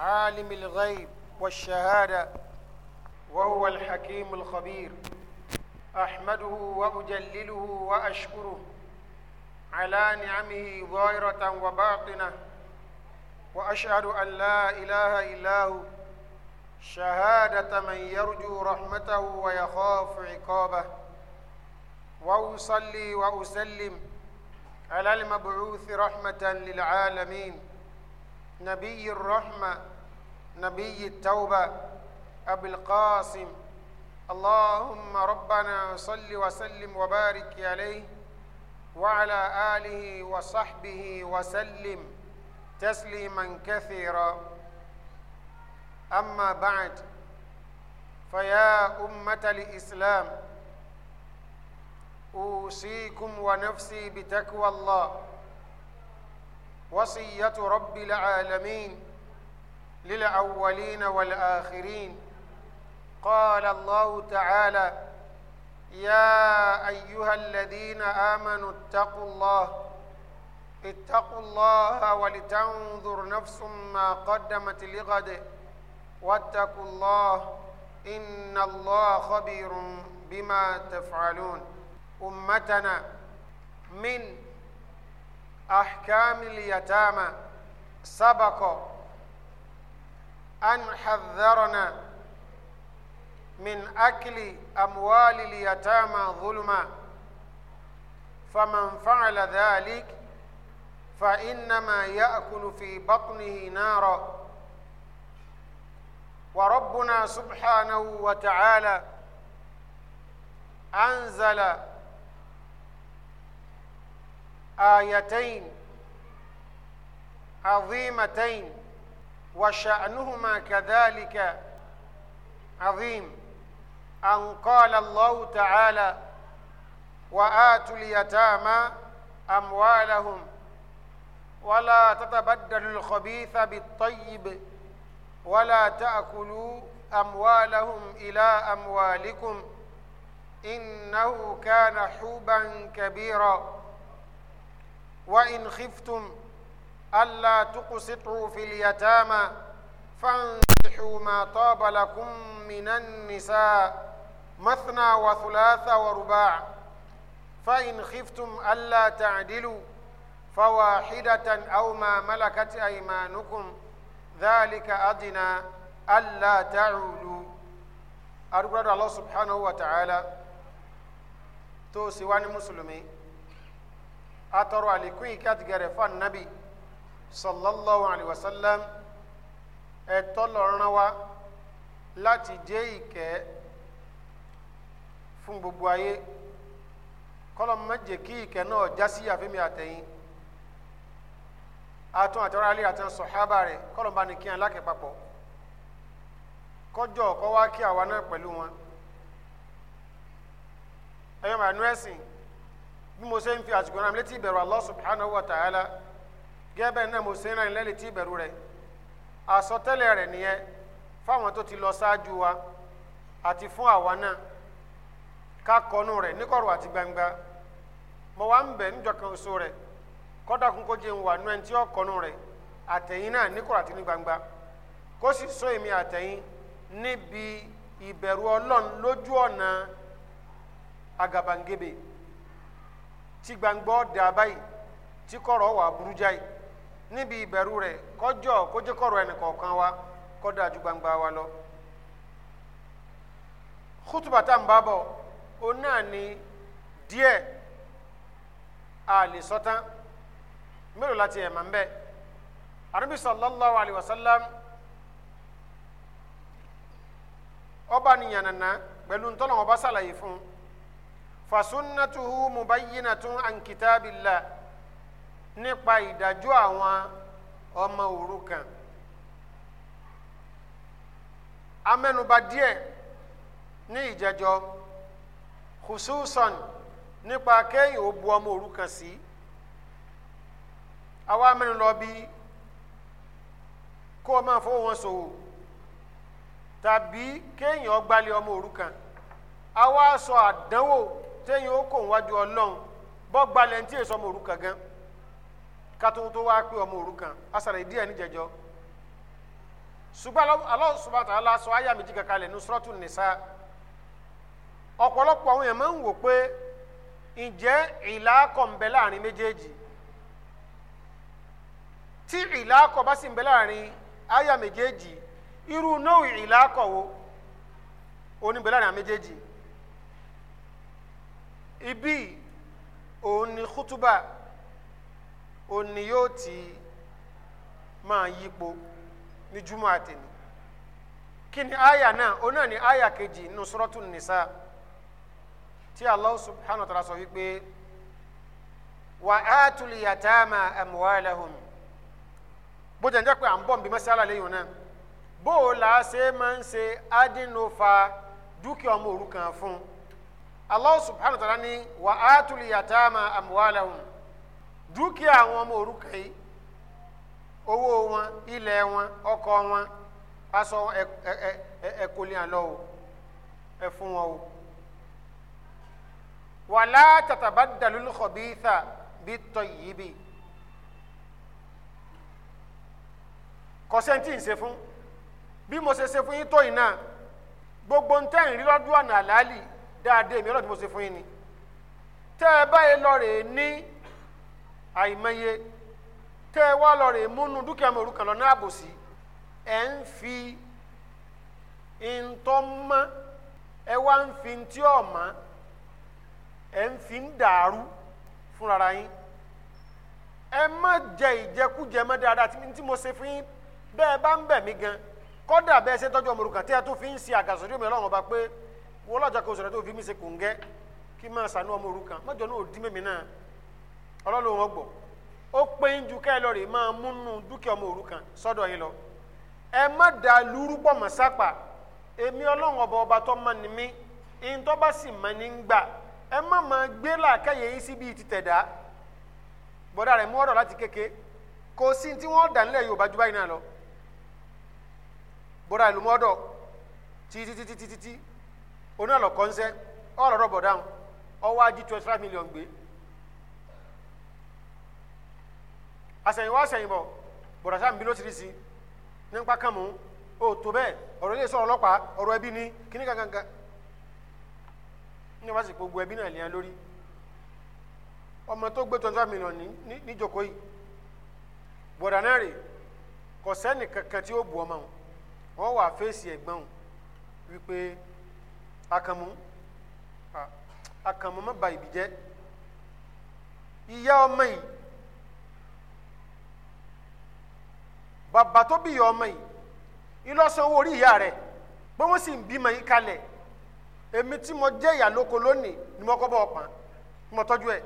عالم الغيب والشهادة وهو الحكيم الخبير أحمده وأجلله وأشكره على نعمه ظاهرة وباطنة وأشهد أن لا إله إلا هو شهادة من يرجو رحمته ويخاف عقابه وأصلي وأسلم على المبعوث رحمة للعالمين نبي الرحمة نبي التوبة أبي القاسم اللهم ربنا صل وسلم وبارك عليه وعلى آله وصحبه وسلم تسليما كثيرا أما بعد فيا أمة الإسلام أوصيكم ونفسي بتقوى الله وصية رب العالمين للأولين والآخرين قال الله تعالى يا أيها الذين آمنوا اتقوا الله اتقوا الله ولتنظر نفس ما قدمت لغد واتقوا الله إن الله خبير بما تفعلون أمتنا من أحكام اليتامى سبق أن حذرنا من أكل أموال اليتامى ظلما فمن فعل ذلك فإنما يأكل في بطنه نارا وربنا سبحانه وتعالى أنزل آيتين عظيمتين وشأنهما كذلك عظيم أن قال الله تعالى وآتوا اليتامى أموالهم ولا تتبدلوا الخبيث بالطيب ولا تأكلوا أموالهم إلى أموالكم إنه كان حوبا كبيرا وإن خفتم ألا تقسطوا في اليتامى فانكحوا ما طاب لكم من النساء مثنى وثلاث ورباع فإن خفتم ألا تعدلوا فواحدة أو ما ملكت أيمانكم ذلك أدنى ألا تعولوا أرجو الله سبحانه وتعالى توسي وأنا مسلمي أترى لكي كاتجر فالنبي sallallahu alayhi wa sallam ẹ̀tọ́ lọ́rán wa láti jẹ́ ìkẹ́ fún gbogbo ayé kọ́lọ́mù má jẹ́ kí ìkẹ́ náà já sí àfẹ́mi àtẹ̀yìn atún àti ọ̀rọ̀ alẹ́ àti sọ̀hábà rẹ̀ kọ́lọ́mù bá ní kí n lákẹ́ papọ̀ kọjọ kọ́ wá kí àwa náà pẹ̀lú wọn ẹ̀yọ́ màánú ẹ̀sìn bí mo ṣe ń fi àsìkò náà létí ìbẹ̀rù Allah subhanahu wa ta'ala. gẹ́bẹ̀ náà mo ṣe ń lẹ́lẹ̀ tí ìbẹ̀rù rẹ̀ àsọtẹ́lẹ̀ rẹ̀ nìyẹn fáwọn tó ti lọ ṣáájú wa àti fún àwa náà ká rẹ̀ níkọ̀rọ̀ àti gbangba mo wá ń bẹ̀ níjọ oṣù rẹ̀ kó jẹun wà ẹni tí ó rẹ̀ àtẹ̀yìn náà níkọ̀rọ̀ àti ní gbangba kó sì sọ èmi àtẹ̀yìn níbi ìbẹ̀rù ọlọ́run lójú ọ̀nà níbi ìbẹ̀rù rẹ̀ kọjọ́ kójẹ́kọ̀rọ̀ ẹnì kọ̀ọ̀kan wa kọ́dà ju gbangba wa lọ. kútùbà tá à ń bá bọ̀ òun náà ni díẹ̀ a lè sọ tán mélòó láti ẹ̀ máa ń bẹ̀. ànábì sallallahu alayhi ọba nìyàn nàná pẹ̀lú ntọ́nà ọba sàlàyé fún fasunatuhu mubayyinatun an nípa ìdájọ́ àwọn ọmọ òrukàn amẹ́nubà díẹ̀ ní ìjẹjọ khususan nípa kéyìn ó bu ọmọ òrukàn sí àwa amẹ́nu lọ bí kó o máa fowó wọn ṣòwò tàbí kéyìn ó gbalẹ̀ ọmọ òrukàn àwa sọ àdánwò téyìn ó kò wájú ọlọ́run bọ́ gbalẹ̀ ní tí èso ọmọ òrukàn gan-an kátó tó wá pé ọmọ òrukàn asàrè díẹ̀ níjẹjọ́ ṣùgbọ́n Allah subhanahu wa ta'ala sọ àyà méjì kankan lẹ̀ ní Suratu Nisa ọ̀pọ̀lọpọ̀ àwọn èèyàn máa ń wò pé ǹjẹ́ ìlàkọ̀ ń bẹ láàrin méjèèjì tí ìlàkọ̀ bá sì ń bẹ láàrin àyà méjèèjì irú náà ìlàkọ̀ wo oníbẹ̀ láàrin méjèèjì ibi òun kútúbà òun ni yóò ti máa yípo ní júmọ́ àtẹ̀ní kí ni àyà náà òun náà ni àyà kejì nínú suratul nisa tí Allah subhanahu wa ta'ala sọ wípé wa atul yatama amwalahum bó jẹ́ njẹ́ pé à ń bọ̀ nbí mẹ́sàlá náà bó o là á ṣe máa ń ṣe adínnúfa dúkìá ọmọ òrukàn fún Allah subhanahu wa ta'ala ní wa atul yatama amwalahum dúkìá àwọn ọmọ òrukàn yìí owó wọn ilẹ̀ wọn ọkọ wọn aṣọ ẹ̀kọ́lé àlọ́ o ẹ fún wọn o wàlá tatabadalul khabitha bitayyibi kọ́sẹ́ntì ń ṣe fún bí mo ṣe ṣe fún yín tó yìí náà gbogbo ń tẹ́ ìrírí lọ́dún àná àlálì dáadé mi ọlọ́dún mo ṣe fún yín ni tẹ́ ẹ báyìí lọ rèé ní. àìmọye tẹ́ ẹ wá lọ rè múnú dúkìá lọ ní àbòsí ẹ̀ ń fi ntọ́ mọ́ ẹ wá ń fi ntí ọ̀mọ́ ẹ̀ ń fi ń dàrú fúnra yín ẹ má jẹ ìjẹkújẹ mọ́ dáadáa tí mo ṣe fún yín bẹ́ẹ̀ bá ń bẹ̀ mí gan kọ́dà bẹ́ẹ̀ ṣe tọ́jú ọmọ tí pé wọ́n lọ́jà kò sọ̀rọ̀ mí ṣe kí máa ṣàánú ọmọ òrukàn mọ́jọ náà ọlọ́run wọn gbọ́ ó pé ń ju ká ẹ lọ rè máa múnú dúkìá ọmọ òrukàn sọ́dọ̀ lọ ẹ má da lúrú mọ́ sápà èmi ọlọ́run ọba ọba tó ni mí ihun tó bá sì ni ń ẹ má máa gbé làákàyè yìí síbi ti bọ́dà rẹ̀ mú ọ̀rọ̀ láti kéke kò sí tí wọ́n dà nílẹ̀ ju báyìí náà lọ bọ́dà ìlú títítítítítí ọ̀rọ̀ rọ̀ ọwọ́ gbé àsẹ̀yìnwá àsẹ̀yìnbọ̀ bọ̀dàṣà ń bí lóṣìṣì nípa kànmú o tó bẹ́ẹ̀ ọ̀rọ̀ ilé sọ̀rọ̀ ọlọ́pàá ọ̀rọ̀ ẹbí ni kíní kankanka ní gbogbo ẹbí náà lé lórí ọmọ tó gbé n'i kankan o, bu wà fèsì wípé Akamu ba bàbá tó bí ìyá ọmọ yìí ńlọsàn owó orí ìyá rẹ̀ pé wọ́n sì ń bímọ yìí kalẹ̀ èmi tí mo jẹ́ ìyá lóko lónìí ni mo kọ́ bọ́ ọ̀pá ni mo tọ́jú ẹ̀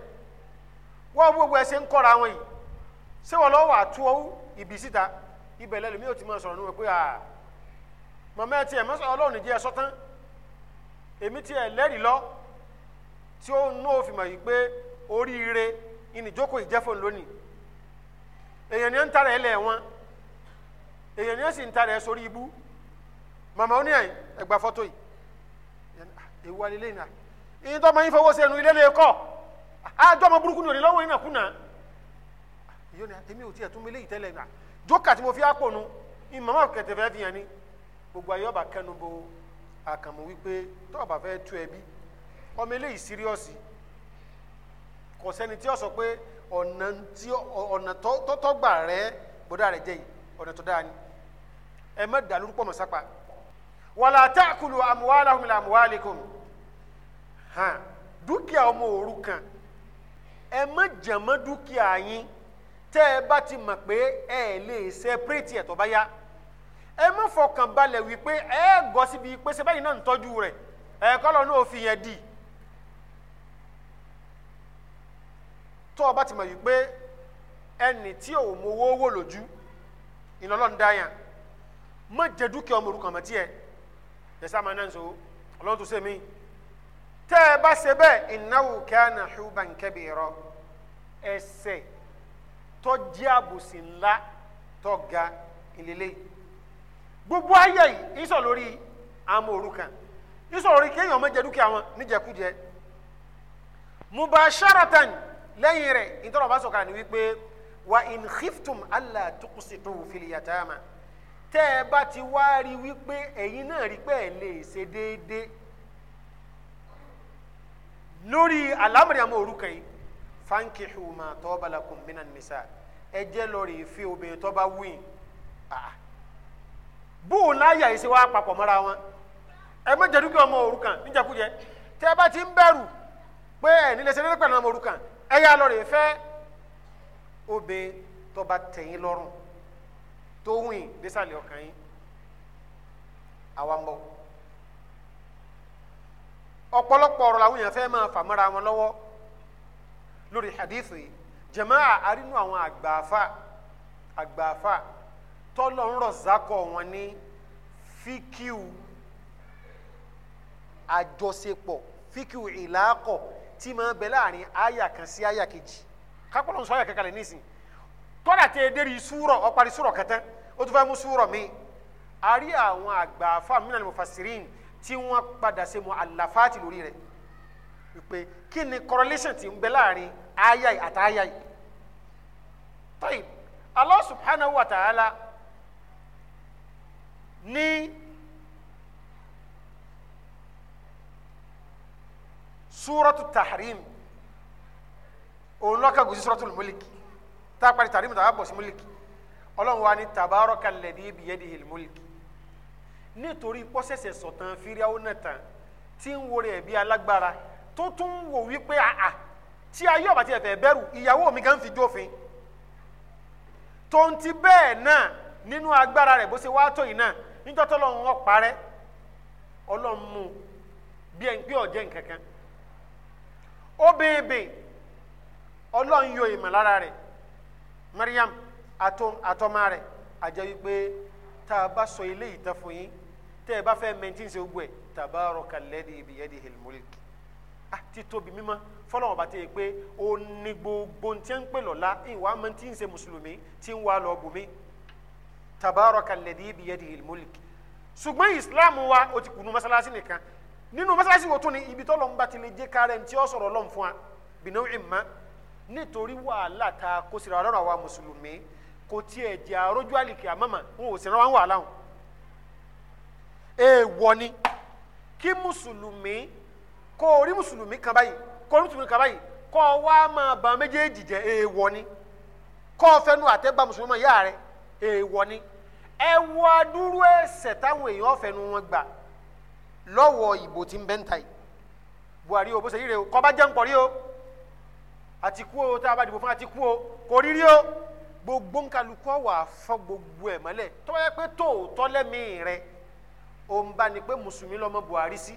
wọ́n gbogbo ẹ̀ ṣe ń kọ́ra wọn yìí ṣé wọ́n lọ́wọ́ àtú ìbí síta ibẹ̀ lẹ́nu mi ò ti máa sọ̀rọ̀ níwọ̀n pé àà mọ̀mọ́ ẹ tiẹ̀ mọ́sán ọlọ́run ìjẹ́ ẹ̀sọ́ tán èmi tiẹ̀ lẹ́rìí lọ tí ó ń náà fi yìí pé oríire ìnìjókòó ìjẹ́fọ̀ lónìí èèyàn ni ó ń tara ẹ̀ wọn èèyàn yẹn sì ń ta sórí ibú màmá oní ẹ̀yìn fọ́tò yìí ìyẹn ah, tó fọwọ́ sí ẹnu ilé lè kọ́ ah, àjọ ọmọ burúkú ni òní lọ́wọ́ iná kùnà ìyọ́n ni èmi ò tiẹ̀ tún mi léyìí tẹ́lẹ̀ jókà tí mo fi àpò nu ìmọ̀mọ́ kẹtẹ fẹ́ fi hàn gbogbo ayé ọba kẹnu bo wípé tó ọba fẹ́ ẹbí ọmọ kò sẹ́ni tí ó rẹ jẹ́ yìí ọ̀nà ẹ má dà lórúkọ mọ̀sápá wàlá ta'kulu amwalahum ila amwalikum hàn dúkìá ọmọ òrukàn ẹ má jẹ̀mọ́ dúkìá yín tẹ́ ẹ bá ti mọ̀ pé ẹ lè separate ẹ̀ tó bá yá ẹ má fọkàn balẹ̀ wípé ẹ gọ́ síbi pé ṣe báyìí náà ń tọ́jú rẹ̀ ẹ kọ́lọ̀ náà fi yẹn dì tọ́ bá ti mọ̀ wípé ẹnì tí ò mowó wò lójú ìlọ́lọ́ ń dáyàn má jẹ dúkìá ọmọ òrukàn mọ́tí ẹ yẹsẹ àmà náà nso ọlọ́run tó sẹ́mi tẹ́ ẹ bá ṣe bẹ́ẹ̀ innahu kana huban kabira ẹsẹ̀ tọ́jú àbòsí ńlá tọ́ga ìlélẹ́ gbogbo ayé yìí ìsọ̀ lórí àmọ òrukàn ìsọ̀ lórí kéèyàn má jẹ dúkìá wọn níjẹkújẹ mubasharatan lẹ́yìn rẹ̀ ìtọ́nà bá sọ̀kà ni wípé wa in khiftum alla tuqsitu fil yatama. tẹ́ ẹ bá ti wá rí wípé ẹ̀yin náà rí pé ẹ̀ lè ṣe déédé lórí ma taba lakum minan ẹ jẹ́ lọ rè fi obìnrin tó bá bóun láyà yìí ṣe wá papọ̀ mọ́ra wọn ẹ má dúkìá ọmọ níjàkújẹ tẹ́ ẹ bá ti ń bẹ̀rù pé ẹ̀ nílẹ̀ ṣe nílẹ̀ pẹ̀lú ọmọ tó hùn désàlẹ̀ ọkàn yín àwa ń bọ̀ ọ̀pọ̀lọpọ̀ ọ̀rọ̀ làwọn èèyàn fẹ́ máa fà wọn lọ́wọ́ lórí hadithi jamaa arínú àwọn àgbààfà àgbààfà tọ́lọ̀ ń rọ̀ zákọ̀ wọn ní fíkìú àjọṣepọ̀ fíkìú ìlàkọ̀ tí máa bẹ láàrin àyà kan sí àyà kejì kápọ́lọ́ ń sọ àyà kankan lẹ́ nísìnyí kọ́dà tẹ ederi súrọ̀ ọ̀parí súrọ̀ kẹtẹ́ ó tún fẹ́ mú súrọ̀ mi àrí àwọn àgbà fáamínà ní mufassirin tí wọ́n padà ṣe mọ́ àlàfáàtì lórí rẹ̀ wípé kí ni correlation ti ń bẹ láàrin ayayi àti ayayi taib Allah subhanahu wa ta'ala ní súrọ̀tù tahrim òun lọ́kàgùn sí súrọ̀tù mulk tá a parí tàrí mu tá a bọ̀ sí múlìkì ọlọ́run wa ní tabaraka alladhi biyadihil múlìkì nítorí pọ́sẹ̀sẹ̀ sọ̀tàn fíríàwó náà tán tí ń wo rẹ̀ bí alágbára tó tún ń wò wípé àà tí ayé ọ̀bàtí ẹ̀fẹ̀ bẹ̀rù ìyàwó mi gan fi jófin tonti bẹ́ẹ̀ náà nínú agbára rẹ̀ bó ṣe wá tó yìí náà níjọ́ tó lọ́run ó parẹ́ ọlọ́run bí ẹn pé ọ̀jẹ̀ nkankan ó bèbè ọlọ́run yọ ìmọ̀ lára mariam atọmaarẹ àjẹ́ wípé tá a bá sọ ilé yìí tán fún yín tẹ́ ẹ bá fẹ́ mẹ́ntì ṣe gbọ́ ẹ̀ tabaraka lẹ́dí ibi yẹ́dí hilmulki ah títóbi mímọ́ fọlọ́wọ́n bá tẹ́ ẹ pé ó ní gbogbo tí ń pè lọ́la ìwà mẹ́ntì ṣe mùsùlùmí tí ń wà lọ́ọ́ bùnmí tabaraka lẹ́dí ibi yẹ́dí hilmulki ṣùgbọ́n islam wa ó ti kùnú mọ́sálásí nìkan nínú mọ́sálásí wo tún ni ibi tọ́lọ́ nítorí wàhálà ta kó sira ọlọ́run àwa mùsùlùmí kò tiẹ̀ jẹ́ àrójú àlìkè àmọ́mọ́ wọn ò sì rán wá wàhálà wọn. èèwọ̀ ni kí mùsùlùmí kó orí mùsùlùmí kan báyìí kó orí mùsùlùmí kan báyìí kó wá máa ba méjèèjì jẹ èèwọ̀ ni kó o mùsùlùmí mọ̀ yá Buhari o bó ṣe o kọ́ bá o. àti kú o tá a bá dìbò fún àti kú o kò rírí o gbogbo nkàlùkọ wà fọ gbogbo ẹ mọ́lẹ̀ tó yẹ pé tòótọ́ lẹ́mìí rẹ ò ń bá ní pé mùsùlùmí lọ́mọ buhari sí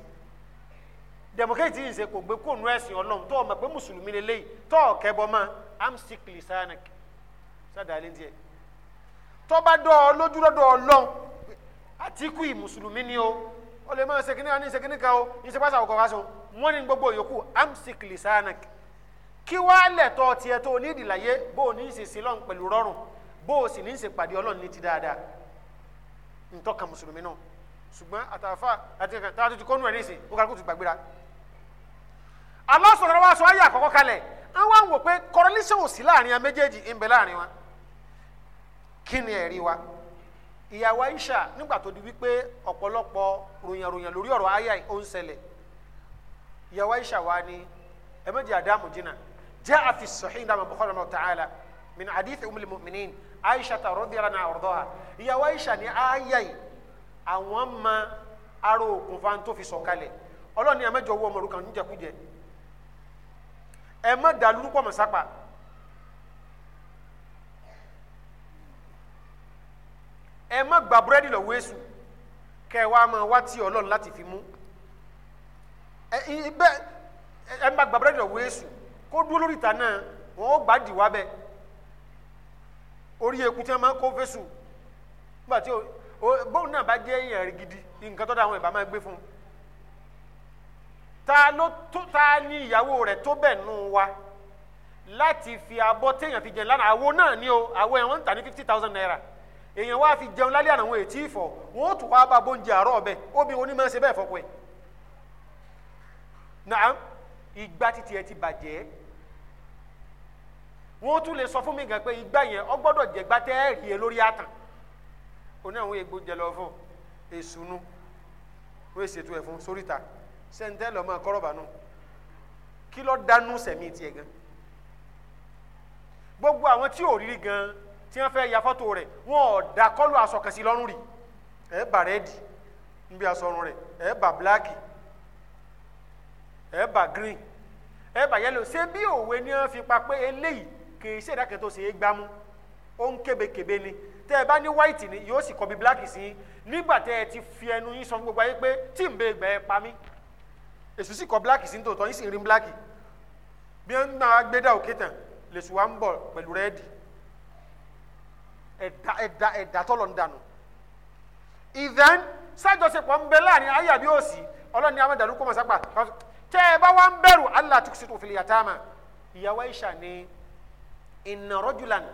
democrate yìí ń ṣe kò gbé kóònù ẹ̀sìn ọlọ́run tó ọmọ pé mùsùlùmí lélẹ́yìí tó ọ̀kẹ́bọ mọ́ amsikili sanak sádàálẹ̀ díẹ̀ tó bá dọ́ ọ lójú lọ́dọ̀ ọlọ́run àtikú mùsùlùmí ni o ó ṣe kíní ká ní ṣe kíní ká o ní ṣe pásá òkò wá so wọ́n ní gbogbo yòókù amsikili sanak kí wàá lẹ̀tọ́ tiẹ̀ tó o ní ìdìláyé bó o ní í sèse lọ́n pẹ̀lú rọrùn bó o sì ní í ṣèpàdé ọlọ́run ní ti dáadáa ntọ́ka mùsùlùmí náà ṣùgbọ́n àtàfà àti kankan tá a tún ti kọ́nù ẹ̀ ní ìsìn ó kàlùkù tún gbàgbéra. Allah subhanahu wa ta'ala ayé àkọ́kọ́ kalẹ̀ àwọn àwọn wò pé correlation ò sí láàrin a méjèèjì ń bẹ láàrin wa kí ni ẹ̀rí wa ìyàwó Aisha nígbà tó di wípé ọ̀pọ̀lọpọ̀ ròyìnròyìn lórí ọ̀rọ̀ ayé ò ṣẹlẹ̀ ìyàwó Aisha wa ni ẹ méjì àdáàmú jìnnà جاء في الصحيح عند البخاري رحمه تعالى من حديث ام المؤمنين عائشه رضي الله عنها وارضاها هي عائشه ni ayi àwọn ma aro òkun fa tó fi sọ̀kalẹ̀ Ọlọ́run ni ẹ mẹjọ owó ọmọ òrukàn níjẹkújẹ ẹ má dà lórúkọ ọmọ sápà ẹ má gba búrẹ́dì lọ́wọ́ èṣù kẹ wàá máa wá tí Ọlọ́run láti fi mú ẹ ẹ bẹ ẹ má gba búrẹ́dì lọ́wọ́ èṣù kó dúró lórí ìta wọn ó gbàdì wá bẹ orí eku tí wọn kó fésù nígbà tí bá jẹ gidi nǹkan tó àwọn ìbá gbé fún un ta ló ta ní ìyàwó rẹ̀ tó bẹ̀ nù wa láti fi abọ́ téèyàn fi jẹun lánàá àwo náà ni o àwo ń ní naira èèyàn wá fi jẹun lálẹ́ àná wọn ètí ìfọ̀ wọn ó tún wá bá àárọ̀ ọbẹ̀ obìnrin onímọ̀ ṣe ìgbà títí ẹ ti bàjẹ́ wọn tún lè sọ fún mi gan pé ìgbà yẹn ọ gbọ́dọ̀ jẹ́ gbá tẹ́ ẹ rí e lórí àtàn oní àwọn egbò jẹ lọ fún èsùnú wọn èsì ètò ẹ fún sóríta sẹńtẹ lọmọ akọrọbànú kí ló dánú sẹmí tiẹ̀ gan gbogbo àwọn tí ò rírí gan tí wọn fẹ́ ya fọ́tò rẹ̀ wọn ò dá kọlù aṣọ kan sí lọ́rùn rí ẹ bà rẹẹdì níbi aṣọ ọrùn rẹ̀ ẹ bà bíláàkì ẹba green ẹba bá yellow ṣé bí òwe ni wọ́n fi pa pé eléyìí kì í ṣèdá kẹtọ́ ṣe é gbámú ó ń ni tẹ́ ẹ bá ní white ni yóò sì kọ́ bí black sí nígbà tẹ́ ẹ ti fi ẹnu yín sọ fún gbogbo ayé pé tí n bẹ gbẹ ẹ pa mí èsù sì kọ́ black sí nítòótọ́ yín sì rí black bí wọ́n náà gbéra òkè tán lèṣù wa ń bọ̀ pẹ̀lú rẹ́ẹ̀dì ẹ̀dá ẹ̀dá ẹ̀dá tọ́lọ̀ ń dànù ìdán ń bẹ láàrin ayé àbí òsì ọlọ́ni amẹ́dàlú tẹ́ ẹ bá wá ń bẹ̀rù allah tuksitu fil yatama ìyàwó aisha ni inna rajulan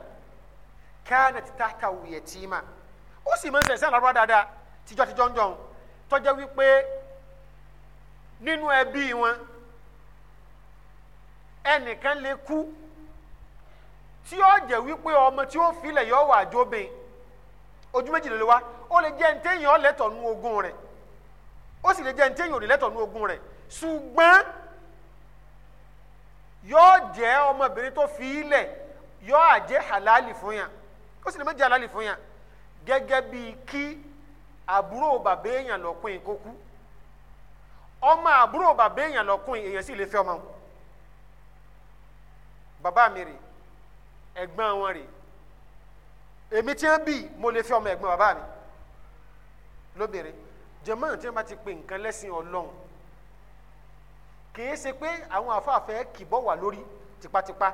kanat tahtahu yatima ó sì máa ń sẹ̀sẹ̀ àlárọ̀ dáadáa tíjọ́ tíjọ́ ń jọun tọ́jẹ́ wípé nínú ẹbí wọn ẹnìkan lè kú tí ó jẹ́ wípé ọmọ tí ó filẹ̀ yọ wà jóbin ojú méjìlél ó lè jẹ́ ntẹ́yìn ọ̀lẹ́tọ̀ nu ogún rẹ̀ ó sì lè jẹ́ ntẹ́yìn òrìlẹ́tọ̀ nu ogún rẹ̀ ṣùgbọ́n yóò jẹ́ ọmọbìnrin tó fi ilẹ̀ yóò àjẹ́ halali fún yàn ó sì lè má jẹ́ halali fún yàn gẹ́gẹ́ bíi kí àbúrò bàbá èèyàn lọ́kùnrin kó kú ọmọ àbúrò bàbá èèyàn lọ́kùnrin èèyàn sì lè fẹ́ ọmọ wọn bàbá mi rè ẹ̀gbọ́n wọn rè èmi tí wọ́n bí mo lè fẹ́ ọmọ ẹ̀gbọ́n bàbá mi lóbìnrin jẹ́mọ́n tí wọ́n bá ti pè nǹkan lẹ́sìn ọlọ́run kìí ṣe pé àwọn àfààfẹ́ kìbọ̀ wà lórí tipatipa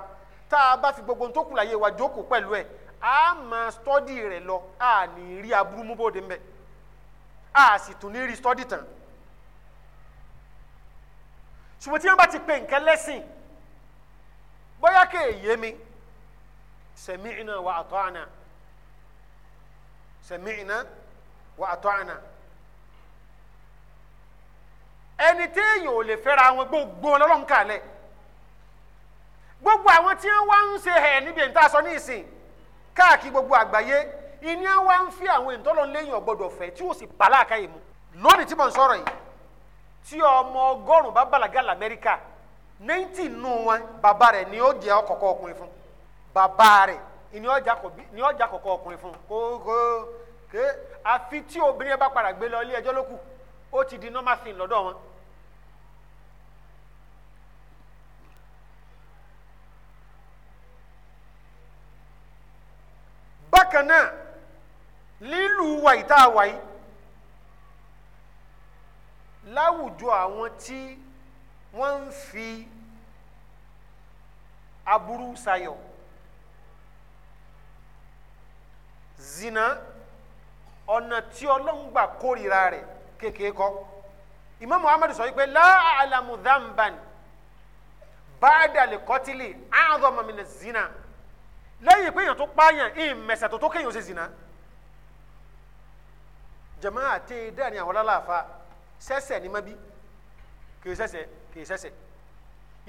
tá a bá fi gbogbo tó kù láyé wa jókòó pẹ̀lú ẹ̀ a máa stọ́dì rẹ̀ lọ a ní rí aburú mú bóde mbẹ́ a sì tún ní rí stọ́dì tán ṣùgbọ́n tí wọ́n bá ti pe nǹkan lẹ́sìn bóyá kéèyé mi sami'na wa ata'na sami'na wa ata'na. ẹni téèyàn ò lè fẹ́ra wọn gbogbo ọlọ́run kàlẹ̀ gbogbo àwọn tí wọ́n wá ń ṣe ẹ̀ níbi èyí a sọ ní ìsìn káàkiri gbogbo àgbáyé ìní wá ń fi àwọn èyí tọ́lọ́ ọ̀gbọ́dọ̀ fẹ́ tí ó sì mu lónìí tí ń sọ̀rọ̀ ọmọ ọgọ́rùn-ún bá lamẹ́ríkà nù wọn bàbá rẹ̀ ni ó jẹ́ ọkọ̀ọ̀kọ̀ ọkùnrin fún bàbá rẹ̀ ni ọkùnrin fún kókó ké àfi tí obìnrin bá di normal thing lọ́dọ̀ bákan náà lílù wàyí tá a wàyí láwùjọ àwọn tí wọ́n ń fi aburú sayọ̀ zina ọ̀nà tí ọlọ́run gbà kórìíra rẹ̀ kékeré kọ́ Imam Muhammad sọ wípé láàlámù dhanban ba'da al-qatli a'zama min zina lẹ́yìn pé èèyàn tó pààyàn ìmẹ̀sẹ̀ tó tó kéèyàn ṣe zìnà jẹ̀mọ́ àti dẹ́ni àwọn lálàáfà sẹ́sẹ̀ ní mẹ́bí kì í sẹ́sẹ̀ kì í sẹ́sẹ̀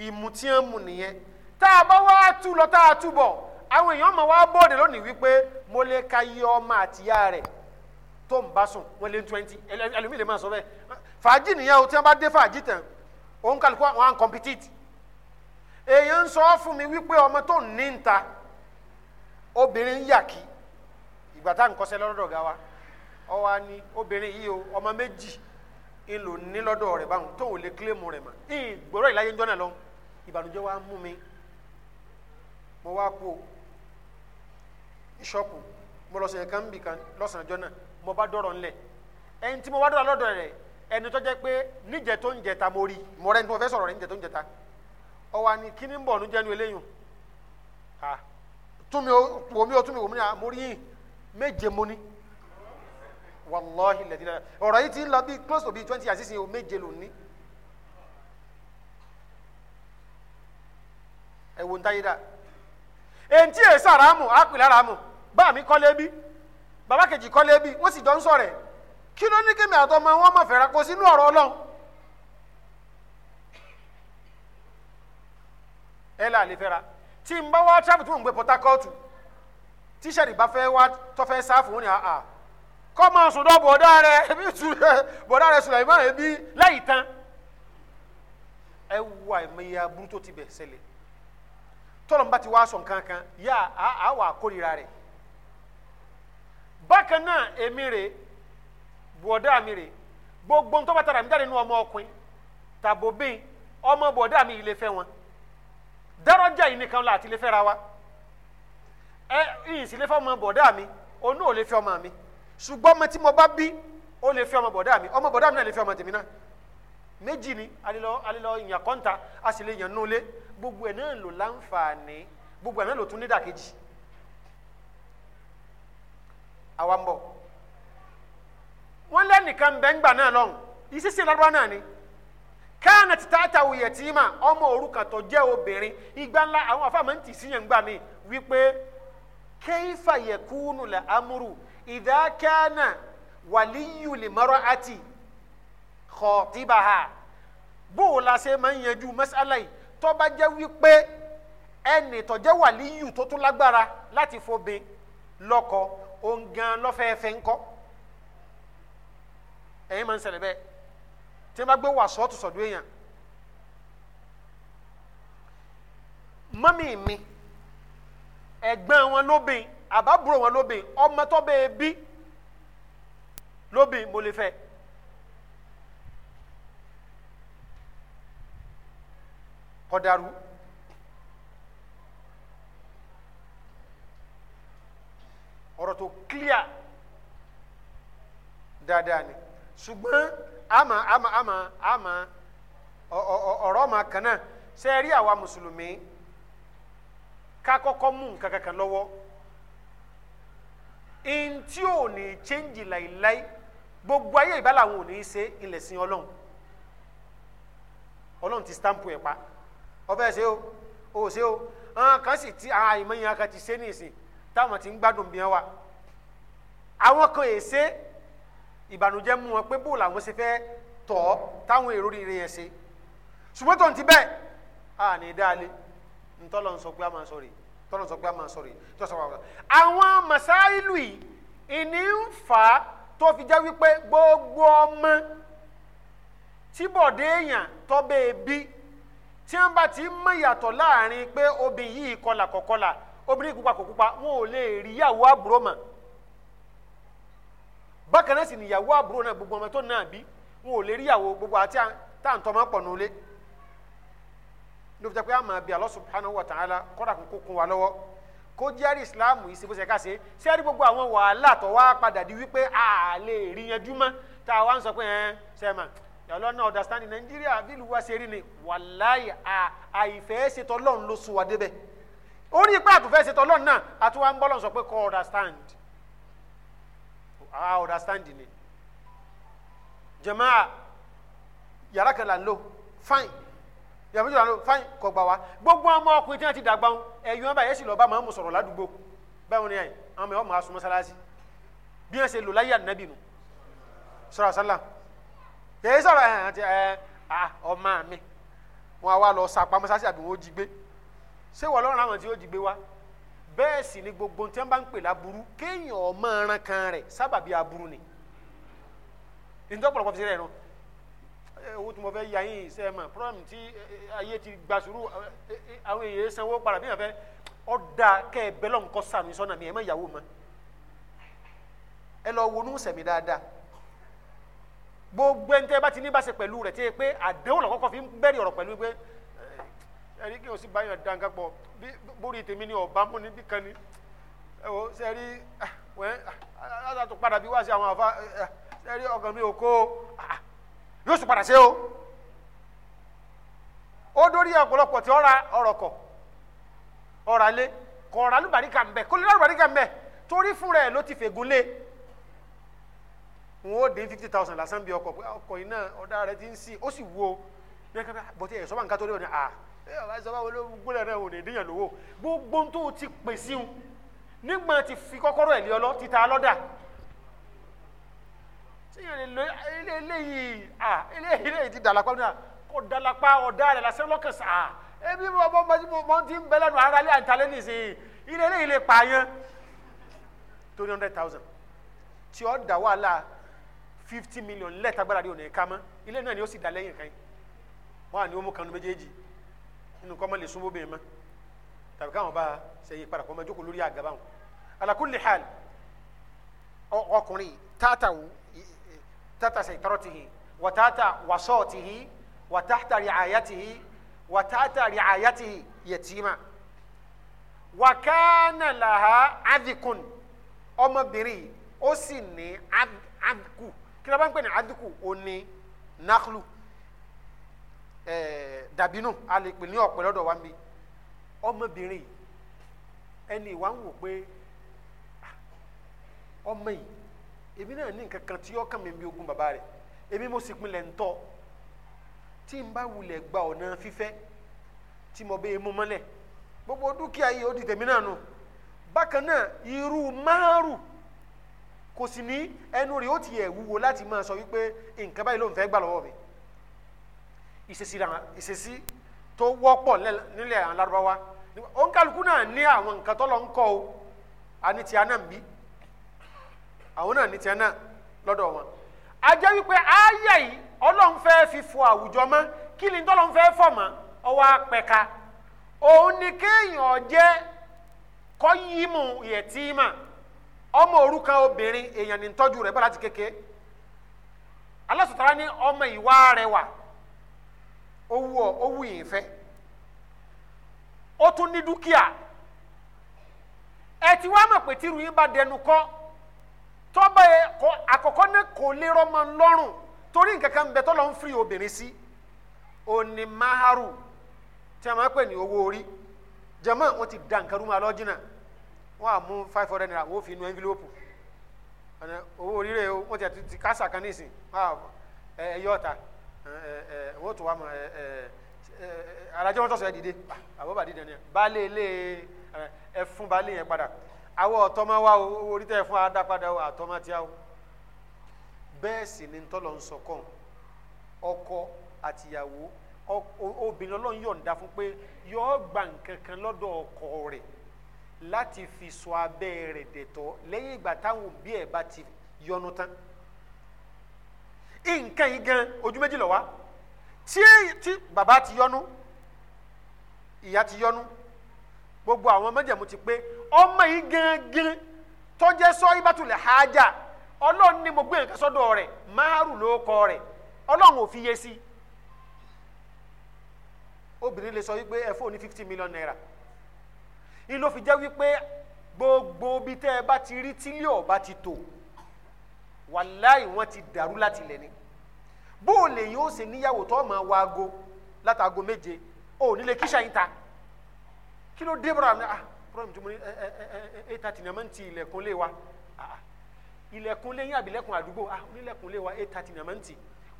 ìmùtíẹ́mù nìyẹn tá a bá wá tú lọ tá a tú bọ̀ àwọn èèyàn máa wá bọ́ọ̀dẹ̀ lónìí wípé mo lè ka iye ọmọ àtìyá rẹ̀ tó ń bá sùn wọ́n lé twenty ẹlòmíì lè máa sọ bẹ́ẹ̀ fàájì nìyẹn o tí wọ́n bá dé fàájì tán òun kàlùkù à ń èèyàn sọ fún mi wípé ọmọ tó ń ní ń ta obìnrin yà kí ìgbà tá à ń kọ́sẹ́ wa ni obìnrin yìí o ọmọ méjì ń ní lọ́dọ̀ báwọn tó ò lè kílèmù rẹ̀ mà ń gbọ́rọ̀ ìláyé jọ́nà lọ ìbànújẹ́ wa mú mi mo wá kú o ìṣọ́kù mo lọ bì kan lọ́sàn-án mo bá dọ̀rọ̀ ńlẹ̀ ẹni tí mo wá dọ̀rọ̀ lọ́dọ̀ ẹni tó jẹ́ pé tó ni kí ni ń túnmí wòmí o túnmí wòmí ni àmórí yìí méje mo ní wàláhi lẹ́dínlẹ́ ọ̀rọ̀ yìí ti ń lọ bí close to bí twenty years sísìn o méje ló ní. ẹ wo ń táyé dá eŋti èsì àràmù àpìlẹ̀ àràmù bá mi kọ́lé bí bàbá kejì kọ́lé bí wọ́n sì jọ ń sọ̀rẹ̀ kí ló ní kémi àtọmọ wọn mọ̀ fẹ́ra kó sínú ọ̀rọ̀ ọlọ́run. ẹ là lè fẹ́ra tí n bá wá travel tí mò ń gbé Port Harcourt tíṣẹ̀rì bá fẹ́ wá tọ́fẹ́ sáfù wọn ni àà ah, ah, kọ́ máa sùn dọ́ bọ̀dá rẹ ebi bọ̀dá rẹ Sulaiman ebi láì tán ẹ wà ẹ̀mẹyẹ aburú tó ti bẹ̀ ṣẹlẹ̀ tọ́lọ̀mùbá ti wá sọ nǹkan kan yá a wà kórìíra rẹ̀ bákan náà èmi rè bọ̀dá mi rè gbogbo ntọ́bàtà rà mí jáde nu ọmọ ọkùnrin tàbó bẹ́ẹ̀ ọmọ bọ̀dá mi ilé fẹ́ wọn dárọ́jà yìí nìkan la àti lè fẹ́ra wa ẹ ìyìn sì lè fẹ́ ọmọ bọ̀dá mi onú ò lè fẹ́ ọmọ mi ṣùgbọ́n ọmọ tí mo bá bí ó lè fẹ́ ọmọ bọ̀dá mi ọmọ bọ̀dá mi náà lè fẹ́ ọmọ tèmi náà méjì ni alilọ alilọ ìyàn kọ́ńtà a sì lè yàn nulẹ̀ gbogbo ẹ̀ náà lò láǹfààní gbogbo ẹ̀ náà lò tún nídàkejì àwa ń bọ̀ wọ́n lẹ́nìkan bẹ́ńgbà náà lọ́hùn ìṣiṣẹ́ lọ́dọ́ náà ni káànà ti tààtà òye tí mà ọmọ òrukàn tó jẹ́ obìnrin igba ńlá àwọn afáàmọ́ ń tì sí yẹn gbà mí wípé kéfà yẹ kúnù lẹ amúrù ìdá káànà wàlíyù lè mọ́rọ́ àti khatibaha bó o la ṣe máa ń yanjú masala yìí tó jẹ́ wípé ẹnì tó wàlíyù tó tún lágbára láti fòbe lọ́kọ òun gan ńkọ́ ẹ̀yin máa ń ṣẹlẹ̀ bẹ́ẹ̀ tí wọ́n bá gbé wà sọ́ọ̀tù sọ̀dọ̀ èèyàn mọ́mì mi ẹ̀gbọ́n wọn lóbìn àbábúrò wọn lóbìn ọmọ tó bẹ́ẹ̀ bí lóbìn mo lè fẹ́. kọdaru ọ̀rọ̀ tó clear dáadáa ni ṣùgbọ́n ama ama ama ama ọ̀rọ̀ ma kan náà ṣe rí àwa mùsùlùmí ká kọ́kọ́ mú nǹkan kankan lọ́wọ́ in tí ò ní chẹ́ǹjì láìláì gbogbo ayé ìbálà àwọn ò ní í ṣe ilẹ̀ sìn ọlọ́run ti stamp ẹ̀ pa ọbẹ̀ ṣe o ò ṣe o àwọn kan sì ti àwọn àìmọye kan ti ṣe ní ìsìn táwọn ti ń gbádùn bí wọn wà àwọn kan èsè ìbànújẹ́ mú wọn pé bó làwọn ṣe fẹ́ tọ́ táwọn èrò rere yẹn ṣe ṣùgbọ́n tó ń ti bẹ́ẹ̀ a ní dáálé ntọ́lọ́ ń sọ pé a máa sọ rè tọ́lọ́ ń sọ pé a máa sọ rè tó sọ wàhálà. àwọn masáìlú yìí ìní ń fà á tó fi jẹ́ wípé gbogbo ọmọ tí bọ̀dé èèyàn tọ́bẹ̀ bí tí wọ́n bá ti mọ ìyàtọ̀ láàrin pé obìnrin yìí kọlà kọ̀kọlà obìnrin kúpa kọ̀kúpa wọn ò lè rí ìyàwó àbúrò mọ́ bákan náà sì níyàwó àbúrò náà gbogbo ọmọ tó náà bí wọn ò lè rí ìyàwó gbogbo àti táǹtọ́ máa pọ̀ nù lé lóbi jẹ́ pé àmọ́ àbí Allah subhanahu wa ta'ala kọ́dà kó kún wa lọ́wọ́ kó jẹ́rìí ìsìláàmù yìí síbó ṣẹ̀ká ṣe sẹ́rí gbogbo àwọn wàhálà tó wá padà di wípé a lè rí yanjú mọ́ tá a wá ń sọ pé ẹ̀ẹ́n sẹ́mà ọlọ́nà ọ̀dàstánì nàìjíríà bílù wá ṣe rí ni wàláyé àìfẹ́ ṣetọ́ lọ́run ló sùn wá débẹ̀ orí ipá àtúfẹ́ ṣetọ́ lọ́run náà àtúwá ń bọ́ lọ́run sọ pé kọ́ ọ̀dàstánì a ah, understanding ni jamaa yàrá kan là ń lò fine yàrá kan là ń lò fine kò gbà wá gbogbo ọmọ ọkùnrin tí wọn ti dàgbà wọn ẹyìn wọn báyìí ẹ sì lọ bá màá mú sọ̀rọ̀ ládùúgbò báwọn ni àyìn àwọn ọmọ ọmọ asùn mọ́sálásí bí wọn ṣe lò láyé ànábì nù sọ̀rọ̀ àṣálà kèé sọ̀rọ̀ ẹ àti ẹ ah, ọmọ mi wọn wá lọ sàpamọ́sásí àbí wọn ó jí gbé ṣé wọ́n àwọn tí ó jí gbé wá bẹ́ẹ̀ sì ni gbogbo tí wọ́n bá ń pè láburú kéèyàn ọmọ ẹran kan rẹ̀ sábàbí aburú ni ìdọ́pọ̀lọpọ̀ fi ṣe rẹ̀ nù owó tí mo fẹ́ yà yín iṣẹ́ mà problem tí ayé ti gba sùúrù àwọn èèyàn sanwó padà bí wọ́n fẹ́ ọ̀dà kẹ́ ẹ bẹ́lọ̀ nǹkan sànù sọ́nà mi ẹ̀ mọ́ ìyàwó mọ́ ẹ lọ wọnú sẹ̀mí dáadáa gbogbo ẹni tẹ́ bá ti ní bá ṣe pẹ̀lú rẹ̀ tí yẹ pé àdéhùn lọ́kọ́kọ́ fi ń bẹ̀rẹ̀ ọ̀rọ̀ pẹ̀lú pé ẹ̀rí kí o sì báyọ̀ dán kápọ̀ bí bórí tèmi ni ọ̀bá mú níbí kan ni ẹ̀wọ̀ sẹ́rí ah, wẹ́n ah, ah, látàtò padà bí wá sí àwọn àfa sẹ́rí eh, eh, ọkàn mi ò kó yóò sì padà sí o ó dórí ọ̀pọ̀lọpọ̀ tí ọ̀rà ọ̀rọ̀ kọ̀ ọ̀rà lé kọ̀ ọ̀rà lùbàríkà ń bẹ̀ kó lè lùbàríkà ń bẹ̀ torí fúnra ẹ̀ ló ti fègún lé wọn ó dín fifty thousand lásán bí ọkọ̀ pé ọkọ̀ yìí náà ọ̀dà rẹ ti ń sí ó sì wo bí ẹ kẹ́kẹ́ bọ́tí ẹ̀ sọ́ba nǹkan tó lé wọn ni à ẹ ọ̀rọ̀ àìsàn báwo ló gbọ́dọ̀ náà ò lè lówó gbogbo tó ti pè sí un nígbà tí fi kọ́kọ́rọ́ ẹ̀ lé ti ta lọ́dà tíyàn lè lo eléyìí à eléyìí ti dàlápá náà kò dàlápá ọ̀dà rẹ̀ lásán lọ́kàn sà ẹbí ọmọ ọmọ ti ń bẹ lẹ́nu ara lé àǹtalẹ́ nìsín ilé eléyìí lè pààyàn three hundred thousand tí ó dà wàhálà fifty million lẹ́tàgbára rí òní ká mọ́ ilé náà ni ó sì dà lẹ́yìn kan wọ́n ní ó mú kanu méjèèjì nínú kọ́ mọ́ lè súnmọ́ bẹ́ẹ̀ mọ́ tàbí káwọn bá ṣe yí padà kọ́ mọ́ jókòó lórí àgàbà wọn ala kulli hal ọkùnrin tata tata saitaratihi wa tata wasọ́ọ̀tihi wa tata riayatihi wa tata riayatihi yatima wa kana laha adikun ọmọbìnrin ó sì ní adiku kí ló bá ń pè ní adiku ó ní nakhlu. dabinu eh, dàbínú a lè pè ní ọ̀pẹ lọ́dọ̀ wa ń bí ọmọbìnrin ẹni ìwà ń wò pé ah, ọmọ yìí èmi náà ní nǹkan kan tí yọ mo sì pinlẹ̀ ń tọ́ tí n gba ọ̀nà fífẹ́ tí mo bẹ́ẹ̀ mú mọ́lẹ̀ gbogbo dúkìá yìí ó di tèmi náà nù bákan náà irú márùn kò sì ní ẹnu ó ti ẹ̀ wúwo láti máa sọ wípé nǹkan báyìí ló ń ìṣesí làwọn ìṣesí tó wọ́pọ̀ nílẹ̀ àwọn Lárúbáwá ònkálukú náà ní àwọn nǹkan tó lọ ń kọ́ o àní tí náà bí àwọn náà ní tí a náà lọ́dọ̀ wọn. a jẹ́ wípé ayé yìí ọlọ́run fẹ́ fi fọ àwùjọ mọ́ kí ni tọ́lọ́run fẹ́ fọ̀ mọ́ ọwọ́ apẹ̀ka òun ọmọ obìnrin èèyàn ní tọ́jú rẹ̀ kéke owu owu ife otu ndị dukia etiwa ma pe tiru iba denu ko to ba e ko akoko ne ko le ro mo lorun tori nkan kan be to lo nfri obirin oni maharu te ma pe ni owo ori jama won ti da nkan ru ma lo wa mu 500 naira wo fi nu envelope ana owo ori re won ti ti kasa kan nisin e yota Eh, eh, eh, wọ́n tún wá mọ̀ alájọ́ wọn tọ́sọ̀ ẹ̀ dìde ah, àbọ̀bà dídẹ ni baálé ilé ẹ fún baálé yẹn padà àwọn ọ̀tọ́ máa wá owó orí tẹ̀ fún adá padà àtọ́ máa ti á o bẹ́ẹ̀ sì ni tọ́lọ̀ ń sọ̀kan ọkọ àtìyàwó obìnrin ọlọ́run yọ̀ǹda fún pé yọ̀ọ́ gbà nǹkan kan lọ́dọ̀ ọkọ rẹ̀ láti fi sọ abẹ́ rẹ̀ dẹ̀tọ́ lẹ́yìn ìgbà táwọn òbí ẹ̀ bá ti yọnu tán nǹkan yìí gan ojú méjì lọ wá tí tí bàbá ti yọnu ìyá ti yọnu gbogbo àwọn májẹ̀mú ti pé ọmọ yìí gangan tọ́jẹ́ sọ ibàtúlẹ̀ hájà ọlọ́run ní mo gbé nǹkan sọ́dọ̀ rẹ̀ márùn ló kọ rẹ̀ ọlọ́run ò fi yé sí obìnrin lè sọ wípé ẹ fóònù fifty million naira ni ló fi jẹ́ wípé gbogbo bí tẹ́ ẹ bá ti rí tílé ọ̀bá ti tò wàláì wọn ti dàrú láti lẹ̀ ni bóòlè yìí ó ṣe níyàwó tó máa wá aago látago méje ó nílé kíṣà yìí ta kí ló dé bọ́ra ah problem tí mo ní ẹ ẹ ẹ eight thirty náà máa ń ti ilẹ̀kùn lé wa ah, ah. ilẹ̀kùn lé yín àbí ilẹ̀kùn àdúgbò ah onílẹ̀kùn lé wa eight thirty náà máa ń ti